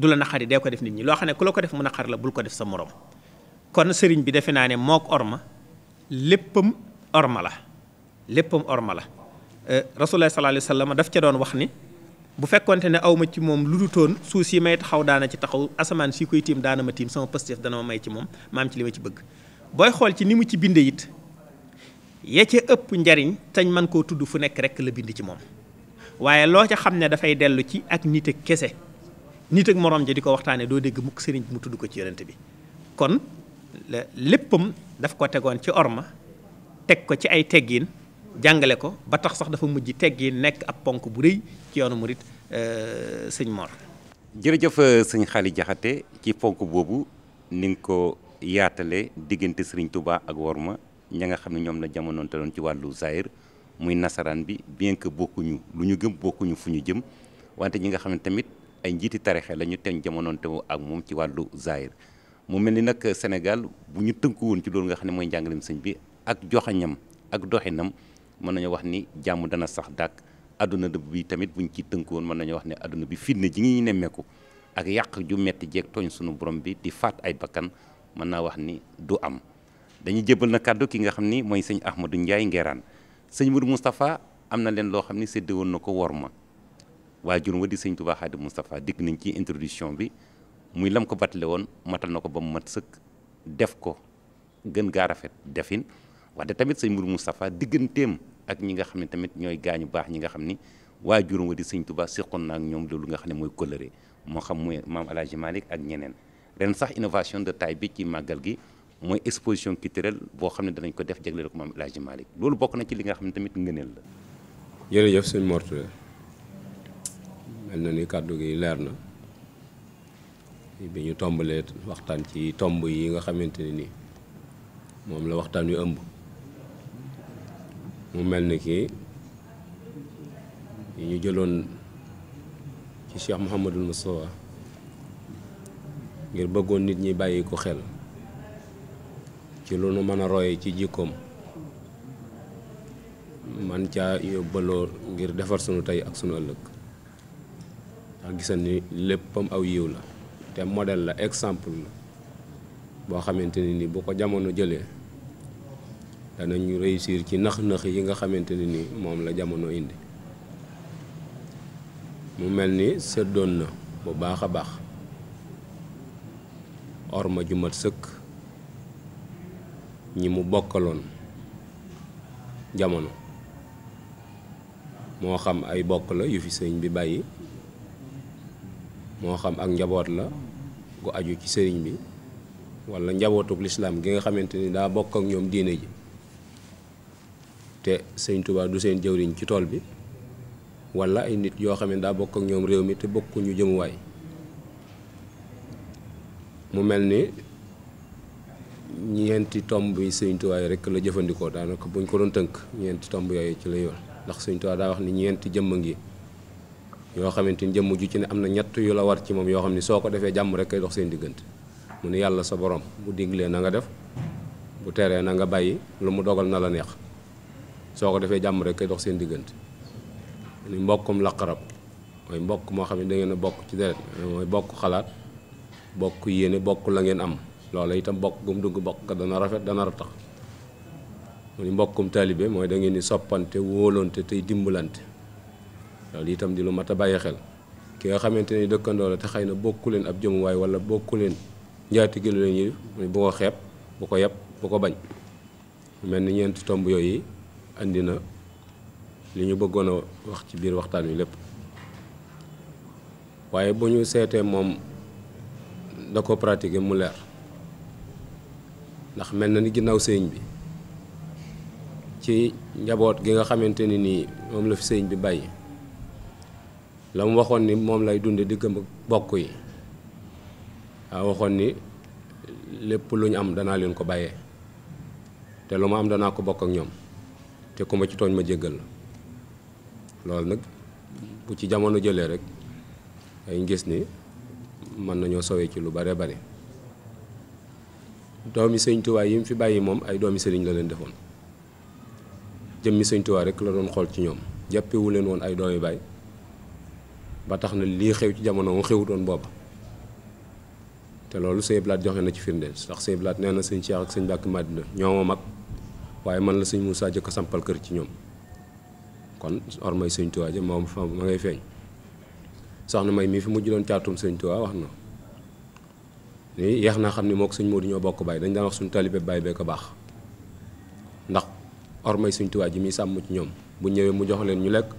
Speaker 2: du la naqari dee ko def nit ñi loo xam ne ku la ko def mu naqar la bul ko def sa morom kon sëriñ bi defe naa ne mook orma léppam orma la léppam orma la euh, rasulullah sallallahu alayhi wa sallam daf ca doon wax ni bu fekkonte ne awma ci moom lu dutoon suuf si may taxaw daana ci taxaw asamaan si koy tiim daana ma tiim sama pëstef dana ma may ci moom maam ci li ma ci bëgg booy xool ci ni mu ci bindee it ya ca ëpp njariñ tañ man koo tudd fu nekk rek la bind ci moom waaye loo ca xam ne dafay dellu ci ak nite kese nit ak morom jadi di ko waxtaanee doo dégg mukk sëriñ mu tuddu ko ci yonent bi kon léppam daf ko tegoon ci orma tek ko ci ay teggine jangale ko ba tax sax dafa mujj teggine nekk ab ponk bu reuy ci mourid murit euh, serigne Mor.
Speaker 1: jërëjëf euh, serigne khali Jaxate ci ponk bobu ning ko yaatale digënté serigne Touba ak worma ña nga xamni ñom la jamonoon te ci walu Zahir muy nasaran bi bien que bokkuñu lu ñu gëm bokkuñu fu ñu jëm wante ñi nga xamni tamit ay njiti tarixe la teñ jamonoonte ak mom ci walu zaahir mu melni nak nag Sénégal bu ñu tënku woon ci loolu nga xam moy jangalim sëñ bi ak joxañam ak doxinam mën nañu wax ni jàmm dana sax aduna àdduna bi tamit buñ ci tënku won mën nañu wax ni aduna bi fitna ji ngi ak yaq ju metti jek toñ sunu borom bi di fat ay bakan mën na wax ni du am dañu jébbal na kaddu ki nga xamni moy mooy sëñ Ahmadou ndjay ngéran sëñ Mourou mustapha amna len lo xamni ni worma waajur wa di sëñ Tuubaa Xaadim Moustapha dikk nañ ci introduction bi muy lam ko battale woon matal na ko ba mu mat sëkk def ko gën gaa rafet defin wax tamit sëñ Mourou Moustapha digganteem ak ñi nga xam ne tamit ñooy gaañu baax ñi nga xam ni waajur wa di sëñ Tuubaa seqoon na ak ñoom loolu nga xam ne mooy coloré moo xam muy maam El Hadj ak ñeneen ren sax innovation de taille bi ci màggal gi mooy exposition culturelle boo xam ne danañ ko def jagleel ko maam El Hadj Malick loolu bokk na ci li nga xam ne tamit ngëneel la.
Speaker 4: jërëjëf sëñ Mor mel na ni kàddu gi leer na bi ñu tombalee waxtaan ci tomb yi nga xamante ne ni moom la waxtaan wi ëmb mu mel ni kii yi ñu jëloon ci Cheikh Mouhamadul Moustapha ngir bëggoon nit ñi bàyyi ko xel ci lu nu mën a roye ci jikkoom man caa yóbbaloo ngir defar sunu tey ak sunu ëllëg ndax gisan ni léppam aw yiw la te model la exemple la boo xamante ne ni bu ko jamono jëlee dana ñu réussir ci nax-nax yi nga xamante ne ni moom la jamono indi mu mel ni seddoon na bu baax a baax orma jumat sëkk ñi mu bokkaloon jamono moo xam ay bokk la yu fi sëñ bi bàyyi moo xam ak njaboot la gu aju ci sëriñ bi walla njabootug lislaam gi nga xamante ni daa bokk ak ñoom diine ji te sëñ Tuubaa du seen jëwriñ ci tool bi wala ay nit yoo xam ne daa bokk ak ñoom réew mi te bokkuñu jëmuwaay mu mel ni ñeenti tomb yi sëñ Tuubaa rekk la jëfandikoo daanaka buñ ko doon tënk ñeenti tomb yooyu ci la yor ndax sëñ Tuubaa daa wax ni ñeenti jëmm ngi yo xamanteni jëm ju ci ne am ñett yu la war ci mom yo xamni ni defé jamm rek kay dox seen digënt mu ne yalla sa borom bu diglé na nga def bu téré na nga bayyi lu mu dogal na la neex soko defé jamm rek kay dox seen digënt ni mbokum la xarab moy mbok mo xamni da ngeen a ci deret moy bok xalaat bok yene bok la ngeen am lolé itam bok gum dug bok ka dana rafet dana tax mu ni mbokum talibé moy da ngeen ni sopanté wolonté tay dimbulanté loolu itam di lu mata a xel ki nga xamanteni ni la te xëy bokku len ab way wala bokku len njaatige gelu len yi bu ko xeb bu ko yeb bu ko bañ melni ñent tomb yoy yi andina li ñu bëggono wax ci biir waxtaan wi lepp waye bu ñu sété mom da ko pratiquer mu leer ndax melna ni ginnaw sëñ bi ci njabot gi nga xamanteni ni mom la fi bi bàyyi la mu waxoon ni moom lay dunde di gëm bokk yi waaw waxoon ni lépp lu ñu am danaa leen ko bàyyee te lu ma am danaa ko bokk ak ñoom te ku ma ci tooñ ma jéggal la loolu nag bu ci jamono jëlee rek ay gis ni mën nañoo soowee ci lu bare bare doomi sëñ Tuubaa yi mu fi bàyyi moom ay doomi sëriñ la leen defoon jëmmi sëñ Tuubaa rek la doon xool ci ñoom jàppewu leen woon ay doomi baay ba tax na lii xew ci jamono mu doon booba te loolu sëñ Blaat joxe na ci firnde ndax sëñ Blaat nee na sëñ ak sëñ Mbàkke Madina ñoo ma mag waaye man la sëñ Moussa jëkk sampal kër ci ñoom kon ormay sëñ Tuubaa ja moom fa ma ngay feeñ May mii fi mujj doon caatum sëñ Tuubaa wax na ni yeex naa xam ni moo sëñ Moodu ñoo bokk baay dañ daan wax suñu taalibe baay bee baax ndax ormay sëñ Tuubaa ji muy sàmm ci ñoom bu ñëwee mu jox leen ñu lekk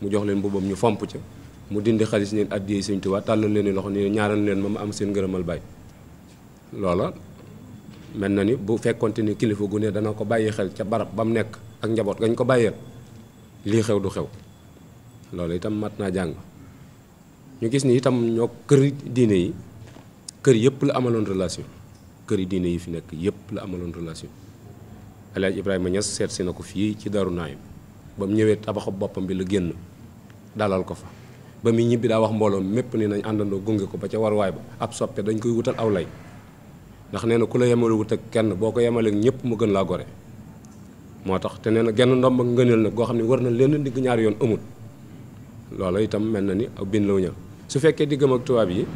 Speaker 4: mu jox leen mbubbam ñu fomp ca mu dindi xaliss ñeen addi señ tuba talal leen loxo ni ñaaral leen mom am seen ngërëmal bay loola mel na ni bu fekkonte ni kilifa gu ne dana ko bàyyi xel ca barab bam mu nekk ak njaboot gañ ko bàyyeel lii xew du xew loolu itam mat naa jàng ñu gis ni itam ñoo kër diine yi kër yëpp la amaloon relation kër diine yi fi nekk yëpp la amaloon relation alaaj ibrahima ñas seet si na ko fii ci daru naayam bam ñëwee tabaxu bi la génn dalal ko fa ba muy ñibbi daa wax mbooloo mépp ni nañ àndandoo gunge ko ba ca waruwaay ba ab soppe dañ koy wutal aw lay ndax nee na ku la yemale wut ak kenn boo ko yemale ñëpp mu gën laa gore moo tax te nee na genn ndomb ak ngëneel nag goo xam ne war na leen digg ñaari yoon amul loolu itam mel na ni aw bin law ña su fekkee diggam ak tubaab yi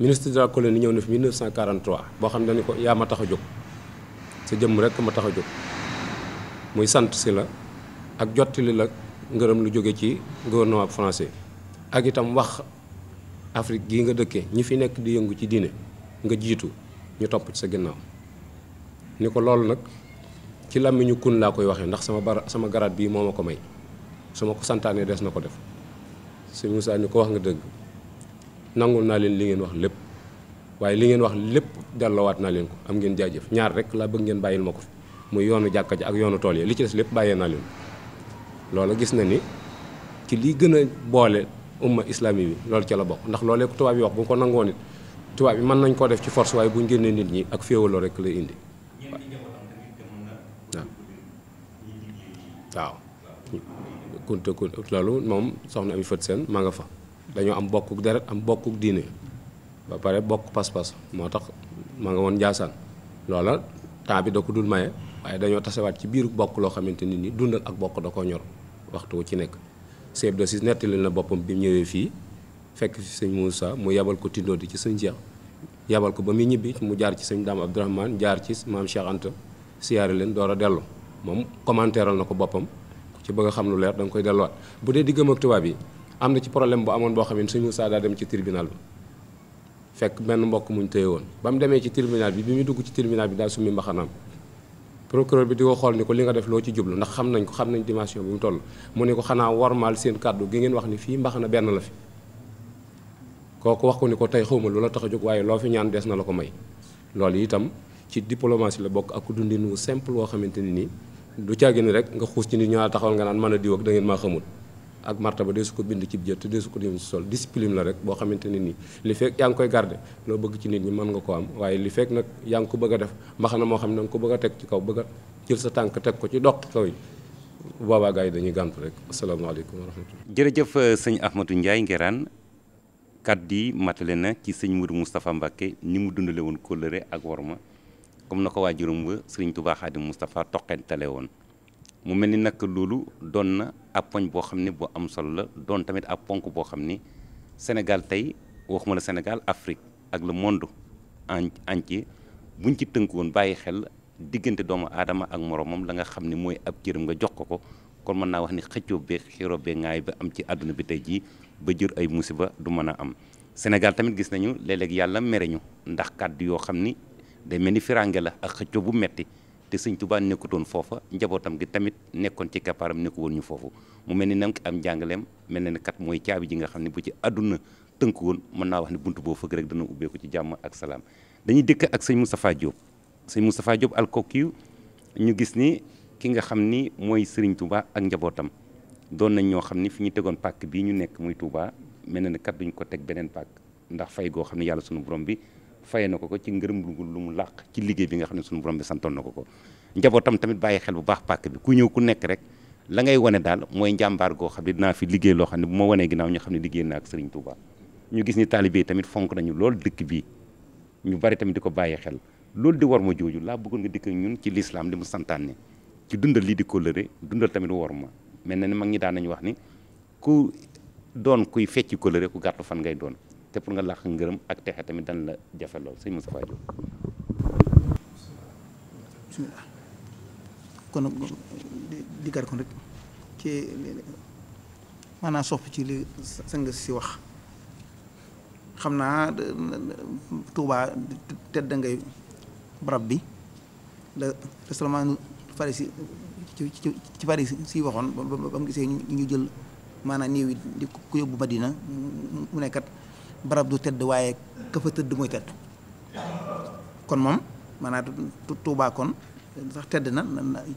Speaker 4: ministre de la colonie ñëw na fi 1943 boo xam ne dañu ko yaa ma tax a jóg sa jëmm rek ma tax a jóg muy sant si la ak jottali la ngeureum lu joge ci gouvernement français ak itam wax Afrique gi nga dekké ñi fi nek di yëngu ci diiné nga jitu ñu top ci sa ginnaaw ni lool nak nag ci làmmiñu kun la koy waxe ndax sama bara sama garat bi momako may sama ko santane dess nako def seigne Moussa ni ko wax nga deug nangul na leen li ngeen wax lepp waye li ngeen wax delo wat na leen ko am ngeen jaajëf ñaar rek la bëgg ngeen bayil mako fi muy yoonu jàkka ak yoonu li ci dess lepp na leen loola gis na ni ci li gën a boole umma islami bi loolu ca la bokk ndax loolee ku tubaab yi wax bu ko nangoo nit tubaab yi mën nañ koo def ci force waaye bu ñu génnee nit ñi ak féewaloo rek la indi waaw kunta kunta loolu moom soxna Ami Fët Seen maa nga fa dañoo am bokkuk deret am bokkuk diine ba pare bokk pas-pas moo tax maa nga woon Njaasaan loola temps bi da ko dul maye waaye dañoo tasewaat ci biiru bokk loo xamante nit ni dundal ak bokk da ko ñor waxtu wu ci nekk chef de service nettali na boppam bi mu ñëwee fii fekk fi sëñ Moussa mu yabal ko tindoo di ci sëñ Cheikh yabal ko ba muy ñibbi mu jaar ci sëñ Dame Abdourahmane jaar ci maam Cheikh Anta siyaare leen door a dellu moom commentéral na ko boppam ci bëgg a xam lu leer da nga koy delluwaat bu dee diggam ak tubaab yi am na ci problème bu amoon boo xam ne suñu Moussa daa dem ci tribunal bi fekk benn mbokk muñ téye woon ba mu ci tribunal bi bi muy dugg ci tribunal bi daal summi mbaxanam procureur bi di ko ni ko li nga def lo ci djublu ndax xam nañ ko xam nañ dimension bu mu toll mu ne ko xana warmal seen cadeau gi ngeen wax ni fi mbax na la fi koku wax ko ni ko tay xawma lula la tax a jóg waaye fi ñaan des na la ko may loolu itam ci diplomatie la bok ak dundinu simple wo xamanteni ni du rek nga ci nit taxawal nga nan da ngeen ma xamul ak martaba dee su ko bind cib jër te dee su ko dem ci sol discipline la rek boo xamante ne nii li fekk yaa ngi koy garde loo bëgg ci nit ñi mën nga ko am waaye li fekk nag yaa ngi ko bëgg def mbaxana moo xam ne da ko bëgg a teg ci kaw bëgg a jël sa tànk teg ko ci dox kaw yi boobaa gars yi dañuy gàntu rek asalaamaaleykum wa rahmatulah. jërëjëf euh, sëñ Ahmadou Ndiaye Nguérane
Speaker 1: kàddu yi matale na ci sëñ Mourou Moustapha Mbacke ni mu dundale woon kóllëre ak ma comme na ko waajuram ba sëriñ Touba Xaadim Moustapha toqentale woon mu mel ni nag loolu doon na ab poñ boo xam ne boo am solo la doon tamit ab ponk boo xam ni Sénégal tey waxuma la Sénégal Afrique ak la monde en buñ ci tënk woon bàyyi xel diggante doomu aadama ak moromam la nga xam ni mooy ab cëram nga jox ko ko kon mën naa wax ni xëccoo bee xiroo bee ŋaay ba am ci àdduna bi tey jii ba jur ay musiba du mën a am Sénégal tamit gis nañu léeg yàlla mere ñu ndax kàddu yoo xam ni day mel ni firange la ak xëccoo bu metti te sëñ Tuubaa nekkutoon foofa njabootam gi tamit nekkoon ci kappaaram nekku woon ñu foofu mu mel ni nag am njàngaleem mel na ne kat mooy caabi ji nga xam ne bu ci àdduna tënk woon mën naa wax ne bunt boo fëgg rek dana ubbeeku ci jàmm ak salaam dañuy dëkk ak sëñ Moustapha Diop sëñ Moustapha Diop alkookiyu ñu gis ni ki nga xam ni mooy sëriñ Touba ak njabootam doon nañ ñoo xam ni fi ñu tegoon pàkk bii ñu nekk muy Touba mel na ne kat duñu ko teg beneen pàkk ndax fay goo xam ne yàlla sunu borom bi faye na ko ko ci ngërëm lu mu làq ci liggéey bi nga xam ne suñu borom bi santoon na ko ko njabootam tamit bàyyi xel bu baax pàkk bi ku ñëw ku nekk rek la ngay wane daal mooy njàmbaar goo xam ne dinaa fi liggéey loo xam ne bu ma wanee ginnaaw ñu xam ne liggéey naa ak Sëriñ Tuuba ñu gis ni taalibe yi tamit fonk nañu lool dëkk bi ñu bari tamit di ko bàyyi xel loolu di war ma jooju laa bëggoon nga dikk ñun ci lislaam li mu santaane ci dundal lii di kóllëre dundal tamit war ma mel na ne mag ñi daan nañu wax ni ku doon kuy fecci kóllëre ku gàttu fan ngay doon té pour nga lakh ngeureum ak téxé tamit dan la jafé lol sëñ Moustapha Diop
Speaker 3: bismillah kon di gar kon rek ci mana sopp ci li sang ci wax xamna touba Tuubaa tedd ngay barab bi la Salmaanu Farisi ci farisi ci Farisi si waxoon ba mu gisee ñu jël mana niwi di ku yóbbu Madina mu nekkat barab du tedd waaye ka fa tedd mooy tedd kon moom maanaam Tuubaa kon sax tedd na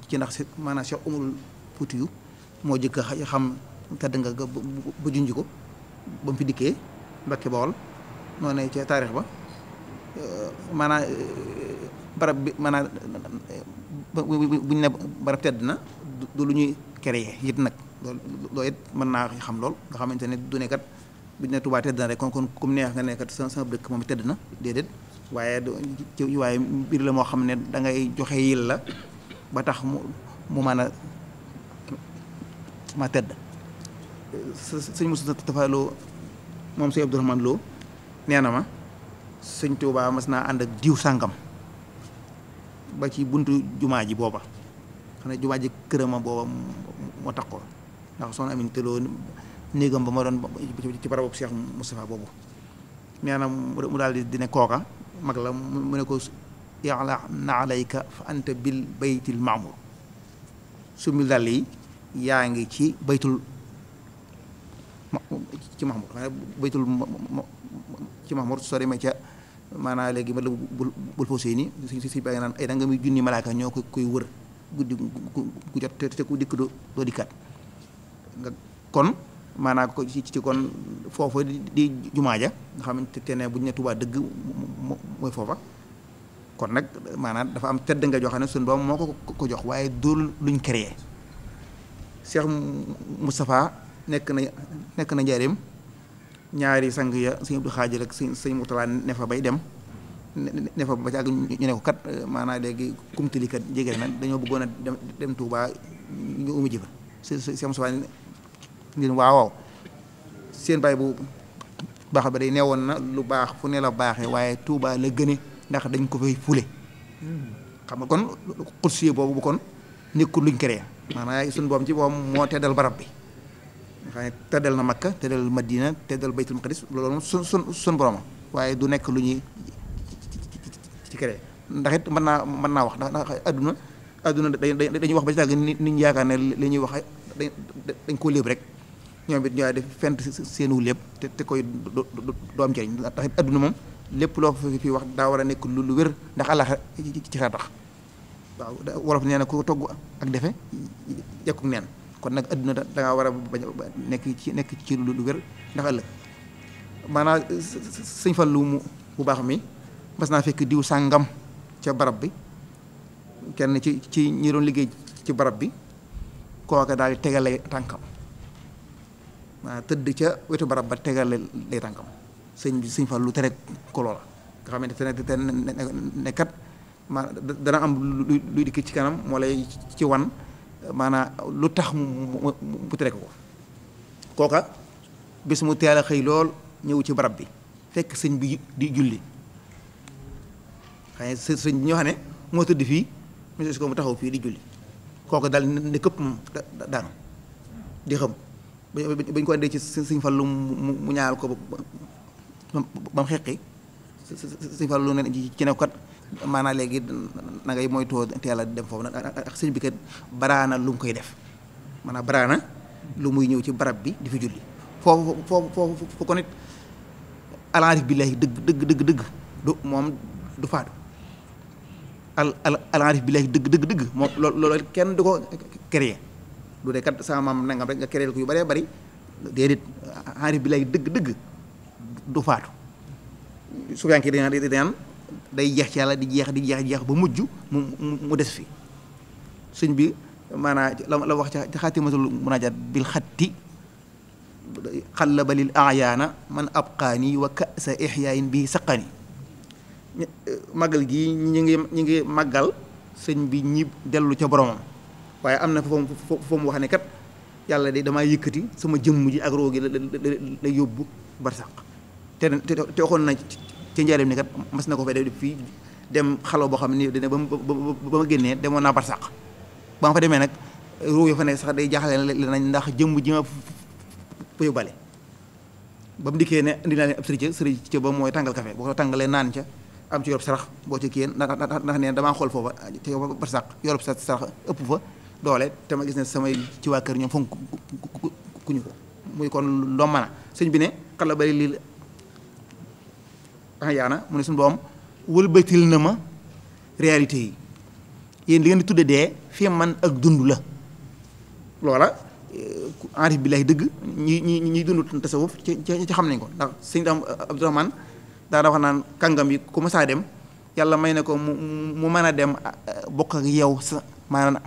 Speaker 3: ci ndax si maanaam Cheikh Umarul Fuutiyu moo jëkk xam tedd nga ba junj ko ba mu fi dikkee Mbàkke Bawol noonu ci taarix ba euh, maanaam euh, barab bi maanaam buñ ne barab tedd na du lu ñuy créer yit nag loolu it mën naa xam lool nga xamante ne du ne kat bu ñu ne Touba tedd na rek kon kon comme neex nga nekkat sa sama dëkk moom tedd na déedéet waaye ci waaye mbir la moo xam ne da ngay joxe yil la ba tax mu mu mën a ma tedd sëñ Moussa Tafa Lo moom sëñ Abdourahmane Lo nee na ma sëñ Touba mas naa ànd ak diw sàngam ba ci buntu jumaa ji booba xam ne jumaa ji kërama booba moo tax ko ndax soxna Amin Telo néegam ba ma doon ci barabu Cheikh mustapha bobu nee mu daal di ne koka mag la mu ne ko ya'la na alayka fa anta bil baytil ma'mur sumil dàll yi yaa ci baytul ci mahmur baytul ci mahmur sori ma ca mana legi ma bul foo ni ci ci bàyyi nan ay da nga mi jooni malaka ñoo koy wër guddi gu jot te ku dik do dikkaat nga kon maanaam ko ci ci kon foofa di jumaa ja nga xamante ne bu ñu ne Tuubaa dëgg mooy foofa kon nag maanaam dafa am tedd nga joo na ne suñu doom moo ko ko jox waaye dul luñ créé Cheikh Moustapha nekk na nekk na njaareem ñaari sang ya sëñ du Xaadir ak sëñ sëñ Murtala ne bay dem ne ba ci àgg ñu ne ko kat euh, maanaam léegi kumtali kat jege na dañoo bëggoon a dem dem Touba ñu umu ji fa Cheikh ngir waaw seen baay bu baax ba day newoon na lu baax fu ne la baaxee waaye Touba la gëne ndax dañ ko fay fule. xam nga kon xursi boobu bu kon nekkul luñ créé maanaam suñu boom ci boom moo teddal barab bi xëy teddal na Makka teddal Madina teddal Baytul Maqdis loolu moom sun sun sun borom waaye du nekk lu ñuy ci kere ndax it mën naa mën naa wax ndax ndax adduna adduna dañuy wax ba ci tàgg nit ñi yaakaar ne li ñuy wax dañ koo léeb rek. ñoom it ñooy def fent seenu lépp te te koy doom njëriñ ndax adduna moom lépp loo fi wax daa war a nekk lu lu wér ndax àllax ci sa tax waaw wolof nee na ku togg ak defe jekkuk neen kon nag adduna da ngaa war a bañ nekk ci nekk ci lu lu wér ndax ëllëg maanaam sëñ lu mu bu baax mi mas naa fekk diw sàngam ca barab bi kenn ci ci ñi doon liggéey ci barab bi kooka daal di tegale tànkam Ah, tëdd ca wetu barab ba tegal lay tànkam sëñ bi sëñ lu tere ko loola nga xamante ne kat ma dana am luy dikk ci kanam moo lay ci wan maanaam lu tax mu mu tere ko kooka bés mu teel a xëy lool ñëw ci barab bi fekk sëñ bi di julli xëy na sëñ bi ñoo xam ne moo tëdd fii mu ko mu taxaw fii di julli kooka dal ne këpp moom daanu di xam bañ ko andee ci sëñ Fallu mu ñaal ko ba mu xeqi sëñ Fallu ne ci ne kat maanaam léegi na ngay moytoo dem foofu nag ak sëñ baraana lu mu koy def maanaam baraana lu muy ñëw ci barab bi di fi julli foofu foofu foofu foo ko nit alaarif billaahi dëgg dëgg dëgg dëgg du moom du faatu al al alaarif dëgg dëgg dëgg moom loolu kenn du ko créer du sama mam nangam rek nga kerel ku yu bari bari dedit hari bi lay deug deug du faatu su fenki dina dina day jeex ci yalla di jeex di jeex jeex ba mujju mu mu fi bi mana la wax ci khatimatul munajat bil khatti xallaba lil man abqani wa kasa ihya'in bi saqani eh, magal gi ñi ngi magal ngi bi ñi delu ci boromam waaye am na foo foo mu wax ne kat yàlla de damaa yëkkati sama jëmm ji ak roogi la la yóbbu barsax te te waxoon na ci njaareem ni kat mas na ko fay fii dem xalo boo xam ne dina ba ba ma génnee demoon naa barsax ba ma fa demee nag roo yo fa nekk sax day jaaxle nañ ndax jëmm ji ma fa yóbbale ba mu dikkee ne indi naa leen ab sëriñ sëriñ ca ba mooy tàngal café boo ko tàngalee naan ca am ci yorob sarax boo ci kiyeen ndax nee damaa xool foofa ca barsax yorob sarax ëpp fa doole te ma gis ne samay ci waa kër ñoom fonk ku ñu ko muy kon loo mën a sëñ bi ne xal la bari lii ah yaana mu ne suñu boom wëlbatil na ma réalité yi yéen li ngeen tudd tudde dee fii man ak dund la loola eh, enrif bi lay dëgg ñi ñi ñuy dund tasawuf ci ci xam nañ ko ndax sëñ daam eh, Abdourahmane daana wax naan kàngam yi ku saa dem yàlla may na ko mu mu mën a dem eh, bokk ak yow sa maanaam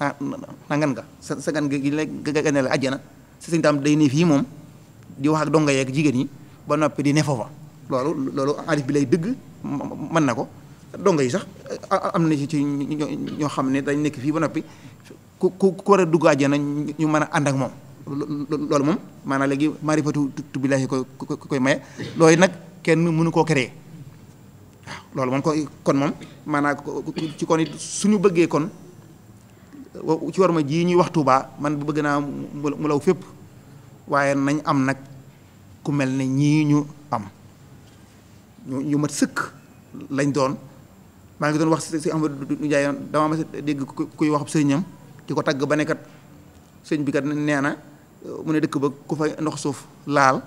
Speaker 3: nangan nga sagan gi gaganel aljana sëñ tam day ne fii moom di wax ak donga yeeg ya jigéen ñi ba noppi di ne foofa loolu loolu alif bi lay dëgg mën na ko donga yi sax am na ci ci ñoo xam ne dañ nekk fii ba noppi ku ku ku war a dugg aljana ñu mën a ànd ak moom loolu moom maanaam léegi marifatu billahi koy koy maye loolu nag kenn mënu koo créer waaw loolu moom kon moom maanaam ci kon it suñu bëggee kon ci war ma ji ñuy wax Touba man bu bëgg naa mu law fépp waaye nañ am nag ku mel ni ñii ñu am ñu ñu mat sëkk lañ doon maa ngi doon wax si Amadou Ndiaye dama mas a dégg kuy wax sëñam di ko tagg ba nekkat sëñ bi kat nee na mu ne dëkk ba ku fay ndox suuf laal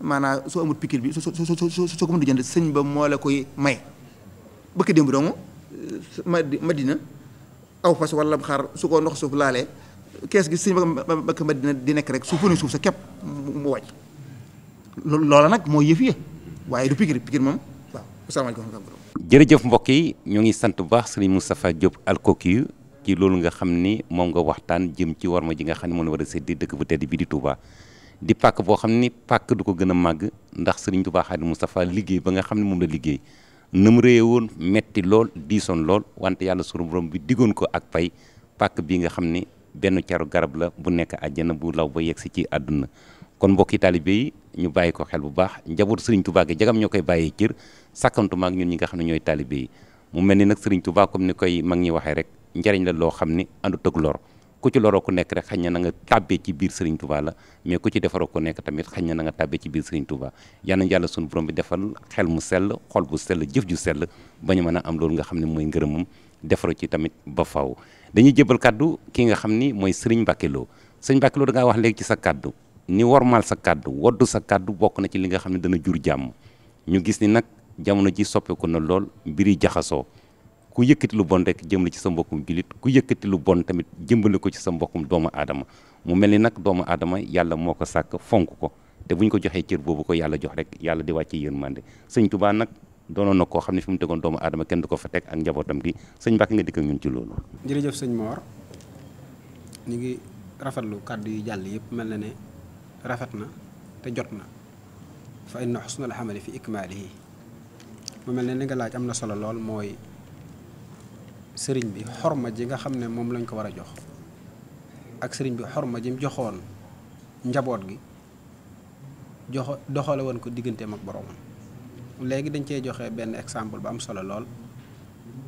Speaker 3: maanaam soo amul pikir bi soo soo soo soo ko mën di jënd sëñ ba moo la koy may bëkk démb dong Madina aw fas wala xar su ko ndox suuf laalee kees gi sëñ Mbàkke Madina di nekk rek suufu ne suuf sa kepp mu wàcc loola nag moo yëf waaye du pikir pikir moom waaw asalaamaaleykum
Speaker 1: jërëjëf mbokk yi ñu ngi sant bu baax sëriñ Moustapha Diop Alkoki kii loolu nga xam ni moom nga waxtaan jëm ci warma ji nga xam ne moom la war a sédd dëkk bu tedd bii di Touba di pàkk boo xam ni pàkk du ko gën a màgg ndax sëriñ Touba mu Moustapha liggéey ba nga xam ne moom la liggéey na mu woon metti lool diisoon lool wante yàlla sunu borom bi diggoon ko ak pay pàkk bii nga xam ne benn caru garab la bu nekk àjjana bu law ba yegg si ci àdduna kon mbokki taalibe yi ñu bàyyi ko xel bu baax njaboot Serigne Touba gi jagam ñoo koy bàyyee cër sàkkantuma ak ñun ñi nga xam ne ñooy taalibe yi mu mel ni nag Serigne Touba comme ni koy mag ñi waxee rek njariñ la loo xam ni ànd ak lor ku ci loro ku nek rek xañ na nga tabbe ci bir Serigne Touba la mais ku ci defaro ku nek tamit xañ na nga tabbe ci bir Serigne Touba yal na yàlla sunu borom bi defal xel mu sel xol bu sel jëf ju sel ba ñu am lool nga xamni moy mooy defaro ci tamit ba faaw dañuy jébal kaddu ki nga xamni ni Serigne bakelo Serigne bakelo da nga wax leg ci sa kaddu ni wormal sa kaddu waddu sa kaddu bok na ci li nga xamni dana jur jam ñu gis ni nak jamono ji soppeku na lool mbiri jaxaso ku yëkkati lu bon rek jëmale ci sa mbokkum jullit ku yëkkati lu tamit jëmbale ko ci sa mbokkum doomu aadama mu mel ni nag doomu aadama yàlla moo ko sàkk fonk ko te bu ñu ko joxee cër boobu ko yàlla jox rek yàlla di wàcce yërmande sëñ Tuubaa nag doonoon na koo xam ne fi mu tegoon doomu aadama kenn du ko fa teg ak njabootam gi sëñ Mbàkke nga dikk ak ñun ci loolu.
Speaker 5: jërëjëf sëñ Mor ñu ngi rafetlu kàddu yu jàll yëpp mel na ne rafet na te jot na fa inna xusnal amali fi ikmaalihi mu mel ne li nga laaj am na solo lool mooy sëriñ bi xorma ji nga xam ne moom lañ ko war a jox ak sëriñ bi xorma ji mu joxoon njaboot gi joxo doxale woon ko digganteem ak boroomam léegi dañ cee joxe benn exemple bu am solo lool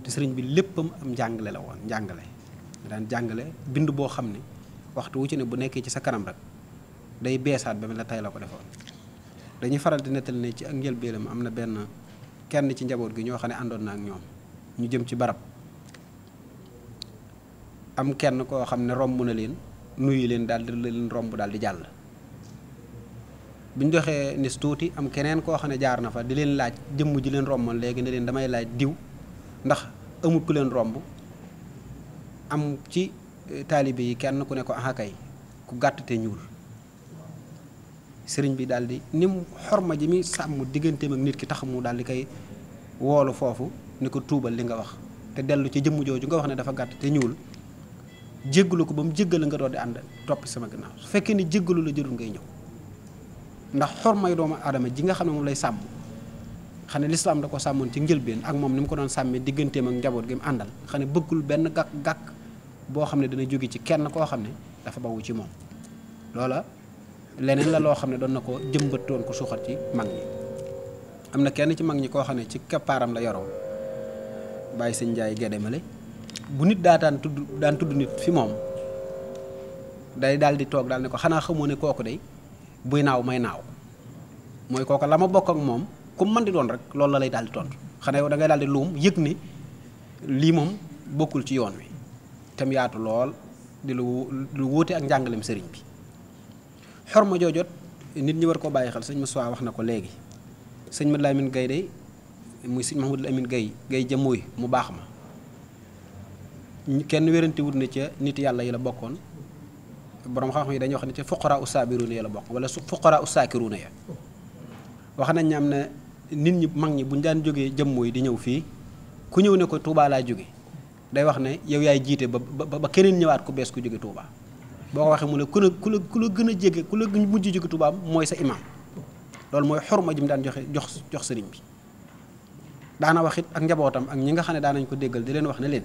Speaker 5: te sëriñ bi léppam am njàngale la woon njàngale daan jàngale bind boo xam ne waxtu wu ci ne bu nekkee ci sa kanam rek day beesaat ba mel ne tey la ko defoon dañuy faral di nettali ne ci ak njëlbéenam am na benn kenn ci njaboot gi ñoo xam ne àndoon na ak ñoom ñu jëm ci barab am kenn koo xam ne romb na leen nuyu leen daal di leen romb daal di jàll bu ñu joxee nis tuuti am keneen koo xam ne jaar na fa di leen laaj jëmm ji leen romboon léegi ne leen damay laaj diw ndax amut ku leen romb am ci eh, taalibe yi kenn ku ne ko axakay ku gàtt te ñuul sëriñ bi daal di ni mu xorma ji mi sàmm digganteem ak nit ki tax mu daal di koy woolu foofu ni ko tuubal li nga wax te dellu ci jëmm jooju nga wax ne dafa gàtt te ñuul jéggalu ko bam mu jéggal nga do di ànd top sama gannaaw su ni jéggalu la jërul ngay ñëw ndax xormay dooma adama ji nga xamne mom lay sam xam l'islam da ko samon ci ben ak mom nim ko doon sàmmee digganteem mak njabot gi andal àndal bëggul benn gàkk-gàkk boo xam dana ci kenn ko xamne dafa bawu ci mom loola leneen la lo xamne doon na ko ko ci mag ñi kenn ci mag ci la jaay bu nit daataan tudd daan tudd nit fi moom day daal di toog daal ne ko xanaa xamoo ne kooku day buy naaw may naaw mooy kooku la ma bokk ak moom ku man di doon rek loolu la lay daal di tontu xanaa yow da ngay daal di luum yëg ni lii moom bokkul ci yoon wi tam lool di lu lu wuute ak njàngalem sëriñ bi ma joojot nit ñi war koo bàyyi xel sëñ Moussa wax na ko léegi sëñ Mouhamadou Lamine Gaye day muy sëñ Mouhamadou Lamine Gaye Gaye jëmooy mu baax ma kenn wérante wut na ca nit yàlla yi la bokkoon borom xam-xam yi dañuy wax ne ca fuqara u saabiruuna ya la bokk wala su fuqara u saakiruuna ya wax nañ ne na nit ñi mag ñi buñu daan jógee jëmmooy di ñëw fii ku ñëw ne ko Touba laa jóge day wax ne yow yaay jiite ba ba keneen ñëwaat ku bees ku jóge Touba boo waxee mu ne ku la ku la gën a jege ku la mujj jóge Touba mooy sa imam loolu mooy xorma ji mu daan joxe jox jox sëriñ bi daana wax it ak njabootam ak ñi nga xam ne daanañ ko déggal di leen wax ne leen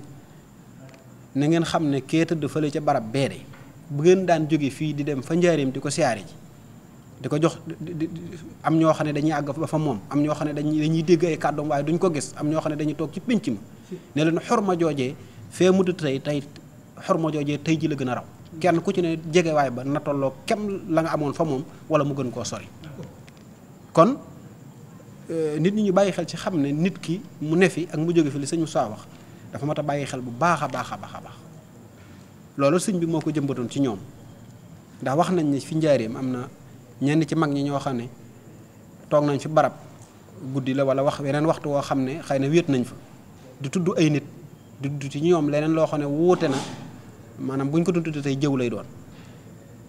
Speaker 5: na ngeen xam ne kee tëdd fële ca barab bee de bu ngeen daan jóge fii di dem fa njaareem di ko siyaare ji di ko jox am ñoo xam ne dañuy àgg ba fa moom am ñoo xam ne dañuy dañuy dégg ay kàddoom duñ ko gis am ñoo xam ne dañuy toog ci pénc ma ne leen xorma joojee fee mu di tey tey xorma joojee tey ji la gën a raw kenn ku ci ne jegewaay ba na tolloo kem la nga amoon fa moom wala mu gën koo sori kon euh, nit ñi ñu bàyyi xel ci xam ne nit ki mu ne fi ak mu jóge fi li sañu Moussa wax dafa mat a bàyyi xel bu baax a baax a baax a baax loolu sëñ bi moo ko jëmbatoon ci ñoom ndax wax nañ ne fi njaareem am na ñenn ci mag ñi ñoo xam ne toog nañ fi barab guddi la wala wax weneen waxtu woo xam ne xëy na wéet nañ fa di tudd ay nit di tudd ci ñoom leneen loo xam ne wuute na maanaam buñ ko tudd tey jëw lay doon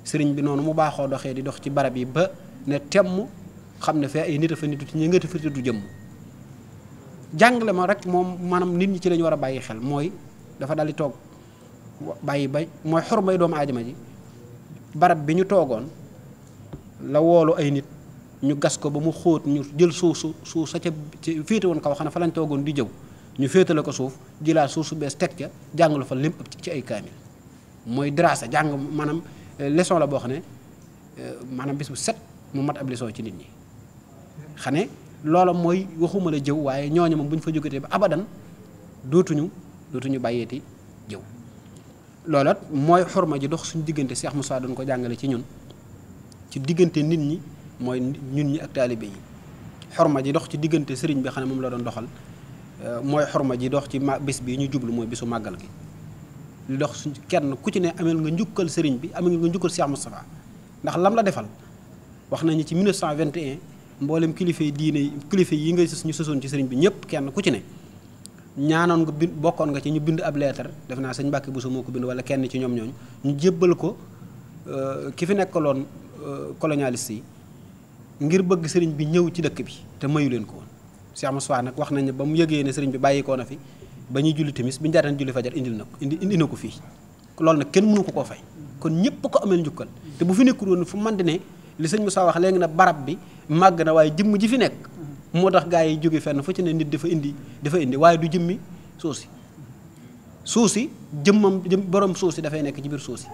Speaker 5: sëriñ bi noonu mu baaxoo doxee di dox ci barab yi ba ne temm xam ne fee ay nit a fa nitu ci ñi nga fa tudd jëmm jàngale ma rek moom maanaam nit ñi ci la war a bàyyi xel mooy dafa dal di toog bàyyi ba mooy xormay doomu aadama ji barab bi ñu toogoon la woolu ay nit ñu gas ko ba mu xóot ñu jël suuf su suuf sa ca féete woon kaw xanaa fa lañ toogoon di jëw ñu féetale ko suuf jëlaat suuf su bees teg ca jàngalu fa lim ci ay kaamil mooy diraasa jàng maanaam euh, leçon la boo xam ne euh, maanaam bis bu set mu mat ab leçon ci nit ñi xane loola mooy waxuma la jëw waaye ñooñu moom bu ñu fa jógatee ba abadan dootuñu dootuñu bàyyeeti jëw loolat mooy xorma ji dox suñu diggante Cheikh Moussa doon ko jàngale ci ñun ci diggante nit ñi mooy ñun ñi ak taalibe yi xorma ji dox ci diggante sëriñ bi xam ne moom la doon doxal euh, mooy xorma ji dox ci ma bis bi ñu jublu mooy bisu màggal gi lu dox suñ kenn ku ci ne ameel nga njukkal sëriñ bi ameel nga njukkal Cheikh Moustapha ndax lam la defal wax nañu ci 1921 mbooleem kilifa yi diine yi kilifa yi nga ñu sosoon ci sëriñ bi ñëpp kenn ku ci ne ñaanoon nga bind bokkoon nga ci ñu bind ab leetar def naa sëñ Mbàkke Buso moo ko bind wala kenn ci ñoom ñooñu ñu jébbal ko euh, ki fi nekkaloon euh, colonialiste ngir bëgg sëriñ bi ñëw ci dëkk bi te mayu leen ko woon. Cheikh Moussa nag wax nañ ne ba mu yëgee ne sëriñ bi bàyyikoo na fi ba ñuy julli timis bi ñu jaataan julli fajar indil na ko indi indi na ko fii loolu nag kenn mënu ko koo fay kon ñëpp ko amee njukkal te bu fi nekkul woon fu mën di ne li sëñ saa wax léegi na barab bi mag na waye jëmm ji fi nek motax gaay yi jóge fenn fu ci ne nit dafa indi dafa indi waye du jëmmi suuf si suuf si jëmmam borom suuf da fay nek ci bir suuf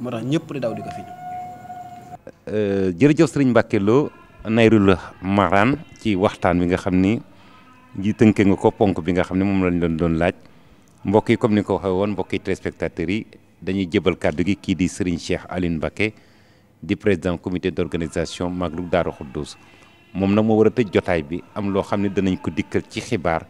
Speaker 5: motax ñepp tax di daw di ko fi ñu.
Speaker 1: Euh, jërëjëf sëriñ Mbacke Nayrul Maraan ci waxtaan bi nga xamni ni ji tënkee nga ko ponk bi nga xamni mom lañ doon doon laaj mbokk yi comme ni ko waxee won mbokk yi téléspectateurs yi dañuy jëbël kaddu gi ki di serigne Cheikh aline Mbacke. di président comité d'organisation Maglou Daaru Xuddoos moom na moo war a tëj jotaay bi am loo xam ne danañ ko dikkal ci xibaar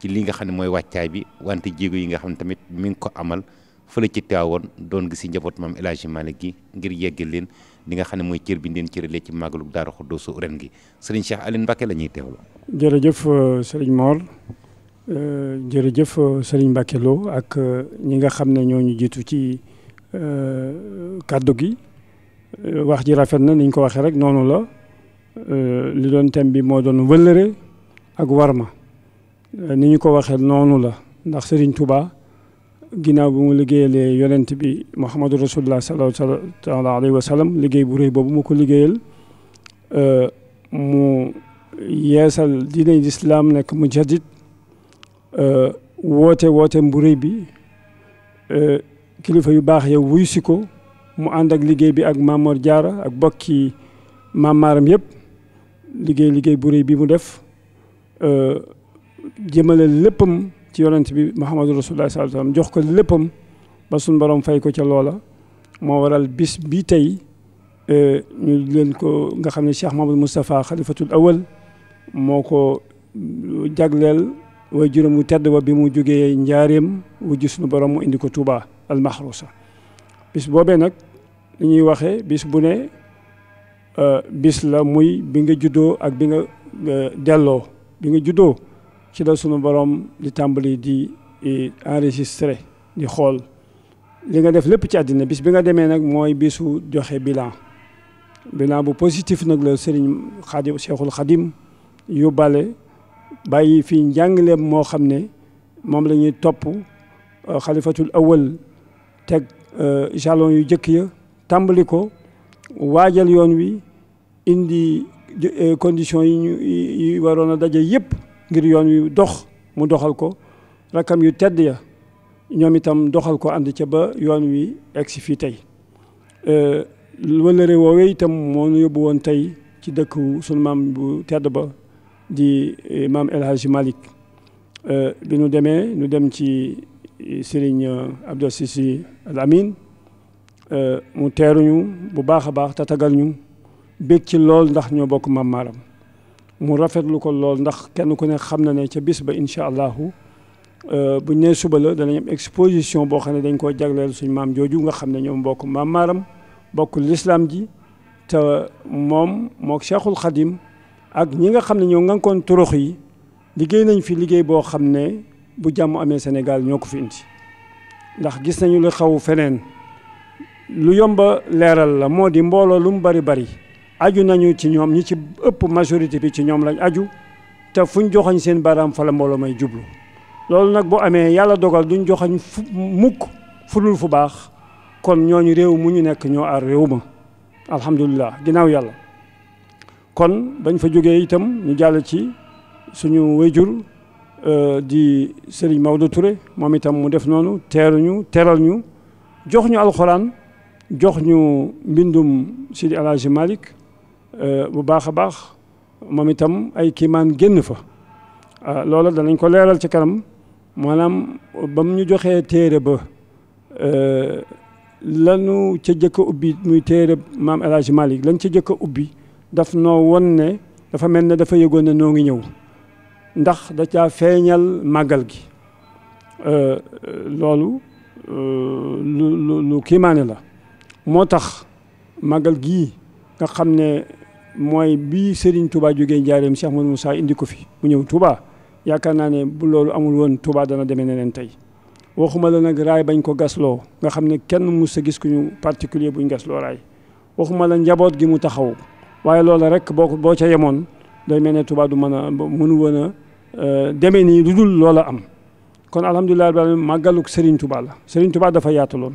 Speaker 1: ci li nga xam ne mooy wàccaay bi wante jéego yi nga xam ne tamit mi ngi ko amal fële ci woon doon gi si njaboot maam El Hadji Malick gi ngir yeggal leen li nga xam ne mooy cër bi ndeen cëralee ci Maglou Daaru Xuddoos ren gi sëriñ Cheikh Aline Mbacké la ñuy teewlu.
Speaker 6: jërëjëf euh, sëriñ Mor euh, jërëjëf euh, sëriñ Mbacké Lo ak ñi nga xam ne ñoo ñu jiitu ci kàddu gi. wax ji rafet na ni ñu ko waxee rek noonu la euh, li doon thème bi moo doon wëllëre ak war warma euh, ni ñu ko waxee noonu la ndax sëriñ Touba ginnaaw bi mu liggéeyalee yonent bi Muhammadu Rasulullah sallallahu alayhi wa sallam liggéey bu rëy boobu mu ko liggéeyal euh, mu yeesal diine lislaam nekk mujaddid woote woote bu rëy bi kilifa yu baax yow wuy si ko mu ànd ak liggéey bi ak Mamor diara ak bokki mamaram yëpp liggéey liggéey bu réy bi mu def jëmale léppam ci yonent bi Muhammadu Rasulullah sallallahu alayhi wasallam jox ko léppam ba suñ borom fay ko ca loola moo waral bis bi tey ñu leen ko nga xam ne Cheikh Mamadou Moustapha xalifatul awal moo ko jagleel way juróom wu tedd wa bi mu jógee njaareem wujj suñu borom mu indi ko Touba al mahrusa bis boobee nag li ñuy waxee bis bu ne euh, bis la muy bi nga juddoo ak bi nga euh, delloo bi nga juddoo ci la sunu borom di tàmbali di enregistré di xool li nga def lépp ci àddina bis bi nga demee nag mooy bisu joxe bilan bilan bu positif nag la sëriñ xadim cheikhul xadim yóbbale bàyyi fii njàngaleem moo xam ne moom lañuy topp euh, xalifatul awal teg jalon yu jëkk ya tàmbali ko waajal yoon wi indi eh, condition yi ñu waroon a daje yëpp ngir yoon wi dox mu doxal ko rakkam yu tedd ya ñoom itam doxal ko ànd ca ba yoon wi egsi fii tey eh, wëllëre woowee itam moo nu yóbbu woon tey ci dëkk sunu maam bu tedd ba di eh, maam El Hadji Malick bi nu demee nu dem ci Serigne Abdou Sissi Al Amin Euh, mu teeruñu bu baax a baax tatagal ñu bég ci lool ndax ñoo bokk maam maaram mu rafetlu ko lool ndax kenn ku ne xam na ne ca bis ba incha allahu euh, buñ nee suba la danañ am exposition boo xam ne dañ koo jagleel suñ maam jooju nga xam ne ñoom bokk maam maaram bokk lislaam ji te moom mook Cheikhul Khadim ak ñi nga xam ne ñoo ngankoon turux yi liggéey nañ fi liggéey boo xam ne bu jàmm amee Sénégal ñoo ko fi indi ndax gis nañu li xaw feneen lu yomba leeral la moo di mbooloo lu mu bari bari aju nañu ci ñoom ñi ci ëpp majorité bi ci ñoom lañ aju te fuñ joxañ seen baaraam fa la mbooloo may jublu loolu nag boo amee yàlla dogal duñ joxañ fu mukk fu dul fu baax kon ñooñu réew mu ñu nekk ñoo aar réew ma alhamdulilah ginnaaw yàlla kon bañ fa jógee itam ñu jàll ci suñu wéjur euh, di Serigne Maodo Touré moom itam mu def noonu teeruñu teral ñu jox ñu alxuraan jox ñu mbindum Sidi El Hadj Malick euh, bu baax a baax moom itam ay kiimaan génn fa euh, loolu danañ ko leeral ci kanam maanaam ba mu ñu joxee téere ba euh, lanu ca jëkk ubbi muy téere maam El Hadj Malick lan ca jëkk ubbi daf noo won ne dafa mel ne dafa yëgoon ne noo ngi ñëw ndax da ca feeñal màggal gi loolu lu lu kiimaane la moo tax màggal gii nga xam ne mooy bi Serigne Touba jógee njaareem Cheikh mu saa indi ko fi mu ñëw Touba yaakaar naa ne bu loolu amul woon Touba dana demee neneen tey waxuma la nag raay bañ ko gasloo nga xam ne kenn mu sa gis ku ñu bu ñu buñ gasloo raay waxuma la njaboot gi mu taxaw waaye loola rek boo boo ca yemoon day mel ne Touba du mën a mënu woona a euh, demee nii lu dul loola am kon alhamdulilah màggaluk Serigne Touba la Serigne dafa yaataloon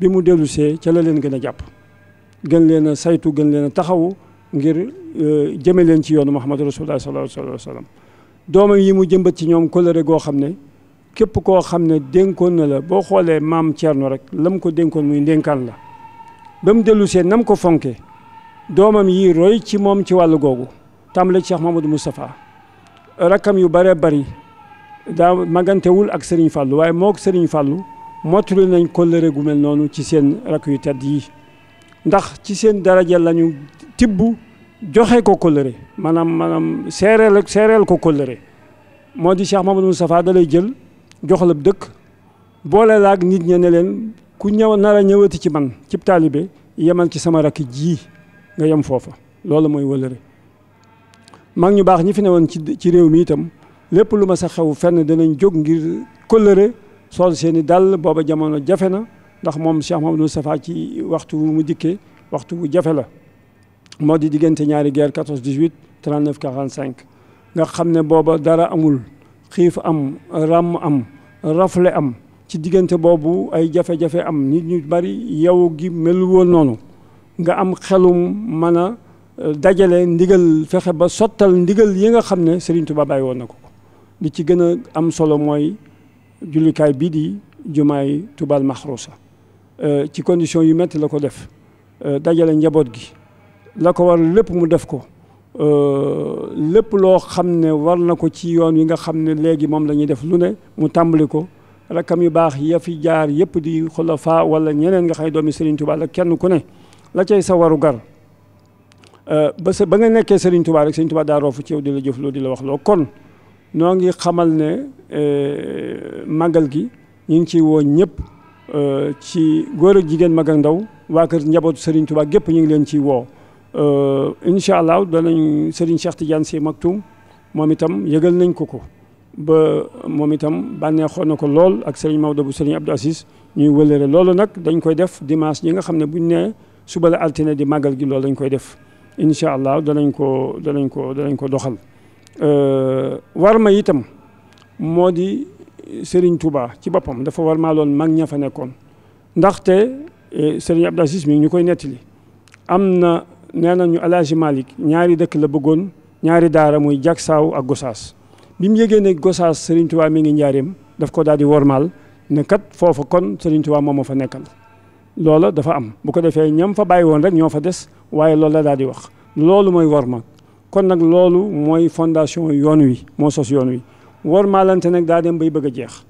Speaker 6: bi mu dellusee ca la leen gën a jàpp gën leen a saytu gën leen a taxawu ngir euh, jëme leen ci yoonu Muhammadu Rasulullah sallallahu alayhi wa sallam yi mu jëmbat ci ñoom kóllëre goo xam ne képp koo xam ne dénkoon na boo xoolee maam Thierno rek la ko dénkoon muy ndénkaan la ba mu dellusee nam ko fonkee doomam yi roy ci moom ci wàllu googu tàmbale Cheikh Mamadou Moustapha rakkam yu bare bari daa magantewul ak Serigne Fallou waaye moog Serigne Fallou mottali nañ kóllëre gu mel noonu ci seen rakk yu tedd yi ndax ci seen daraja lañu tibb joxe ko kóllëre maanaam maanaam seereel seereel ko kóllëre moo di Cheikh Mamadou Moustapha da jël jox la dëkk boole laag nit ña ne leen ku ñëw nar a ñëwati ci man cib taalibe yemal ci sama rakk ji nga yem foofa loolu mooy wëllëre mag ñu baax ñi fi ne woon ci ci réew mi itam lépp lu ma sa xew fenn danañ jóg ngir kóllëre sol seen i dàll booba jamono jafe na ndax moom Cheikh Mouhamadou Moustapha ci waxtu wu mu dikkee waxtu bu jafe la moo di diggante ñaari guerre 14 18 39 45 nga xam ne booba dara amul xiif am ràmm am rafle am ci diggante boobu ay jafe-jafe am nit ñu bari yow gi melu woon noonu nga am xelum mën a euh, dajale ndigal fexe ba sottal ndigal yi nga xam ne Serigne Touba bàyyi woon na ko li ci gën a am solo mooy jullikaay bii di jumaay Tuubal Maxruusa euh, ci condition yu metti la ko def euh, dajale njaboot gi la ko war lépp mu def ko euh, lépp loo xam ne war na ko ci yoon wi nga xam ne léegi moom la ñuy def lu ne mu tàmbali ko rakkam yu baax ya fi jaar yëpp di xulafa wala ñeneen nga xam ne doomi Serigne Touba la kenn ku ne la cay sa waru gar ba sa ba nga nekkee Serigne Touba rek Serigne Touba daa roofu ci di la jëf loo di la wax loo kon noo ngi xamal ne e, màggal gi ñu ngi ciy woo ñëpp e, ci góor ak jigéen mag ndaw waa kër njabootu Serigne Touba gépp ñu ngi leen ciy woo e, incha allah danañ Serigne Cheikh Tidiane Sy Maktoum moom itam yëgal nañ ko ko ba moom itam bànneexoon na ko lool ak Serigne Maodo bu Serigne Abdou Aziz ñuy wëlëre loolu nag dañ koy def dimanche ñi nga xam ne buñ nee suba la altine di màggal gi loolu dañ koy def incha allah danañ ko danañ ko danañ ko doxal Euh, war ma itam moo di Serigne Touba ci boppam dafa war maa mag ña fa nekkoon ndaxte eh, Serigne Abdou Aziz mi ñu koy nettali am na nee nañu Alaaji Malick ñaari dëkk la bëggoon ñaari daara muy Jaksaaw ak Gosaas bi mu yëgee ne Gosaas Serigne Touba mi ngi njaareem daf ko daal di wormaal maal kat foofa kon sëriñ Touba moom moo fa nekkal loola dafa am bu ko defee ñam fa bàyyi woon rek ñoo fa des waaye loolu la daal di wax loolu mooy war worma kon nag loolu mooy fondation yoon wi moo sos yoon wi war maalante nag daa dem bay bëgg a jeex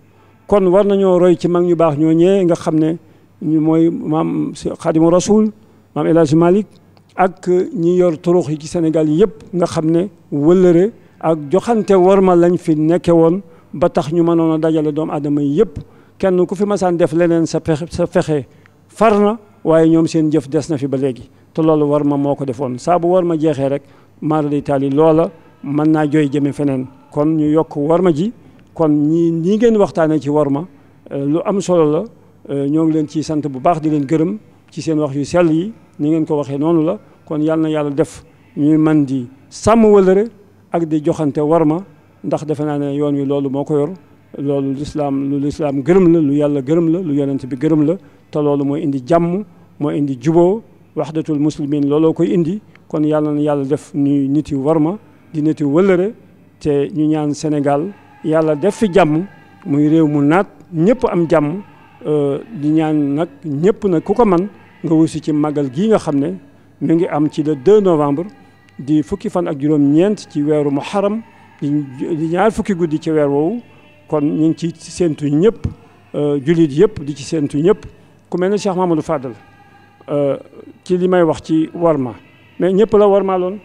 Speaker 6: kon war nañoo roy ci mag ñu baax ñoo ñee nga xam ne ñu mooy maam xaadimu rasul maam El Hadj Malick ak ñi yor turux yi ci Sénégal yëpp nga xam ne wëllëre ak joxante wormal lañ fi nekke woon ba tax ñu mënoon a dajale doomu adama yi yëpp kenn ku fi masaan def leneen sa pexe sa fexe far na waaye ñoom seen jëf des na fi ba léegi te loolu war ma moo ko defoon saa bu war ma jeexee rek maara day taali loola mën naa jooy jëme feneen kon ñu yokk war ma ji kon ñii nii ngeen waxtaanee ci warma euh, lu am solo la euh, ñoo ngi leen ci sant bu baax di leen gërëm ci seen wax yu sell yi ni ngeen ko waxee noonu la kon yàlla na yàlla def ñuy man di sàmm wëlëre ak di joxante ma ndax defe naa ne yoon wi loolu moo ko yor loolu lislaam lu lislaam gërëm la lu yàlla gërëm la lu yonent bi gërëm la te loolu mooy indi jàmm moo indi juboo waxdatul muslimin looloo koy indi kon yàlla na yàlla def ñuy nit yu war ma di nit yu wëllëre te ñu ñaan senegal yàlla def fi jàmm muy réew mu naat ñëpp am jàmm euh, di ñaan nag ñëpp nag ku ko man nga wusi ci màggal gii nga xam ne mu ngi am ci le 2 novembre di fukki fan ak juróom-ñeent ci weeru muharram di ñaar fukki guddi ci weer woowu kon ñu ngi ci séentu ñëpp euh, jullit yëpp di ci séentu ñëpp ku mel ne Cheikh Mamadou Fadal Euh, ci li may wax ci warma mais ñëpp la warmaaloon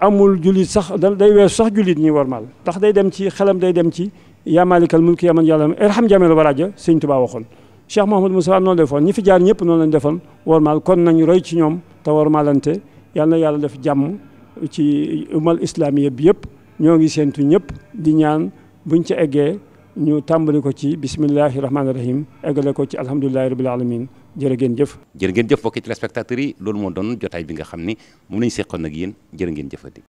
Speaker 6: amul jullit sax day weesu sax jullit ñi warmaal ndax day dem ci xelam day dem ci yaa maalikal mulki yaa man yàlla irham jaamel waraaja sëñ Tuubaa waxoon Cheikh Mouhamadou Moussa noonu defoon ñi fi jaar ñëpp noonu lañ defoon warmaal kon nañu roy ci ñoom te warmaalante yal na yàlla def jàmm ci umal islaam bi yëpp ñoo ngi séentu ñëpp di ñaan buñ ci eggee ñu tàmbali ko ci bismillahi rahmaani rahim eggale ko ci alhamdulillahi rabbil alamin jërë ngeen jëf
Speaker 1: jërë ngeen jëf mbokki téléspectateurs yi loolu moo doon jotaay bi nga xam ni moom lañu seqoon ak yéen jërë ngeen jëfati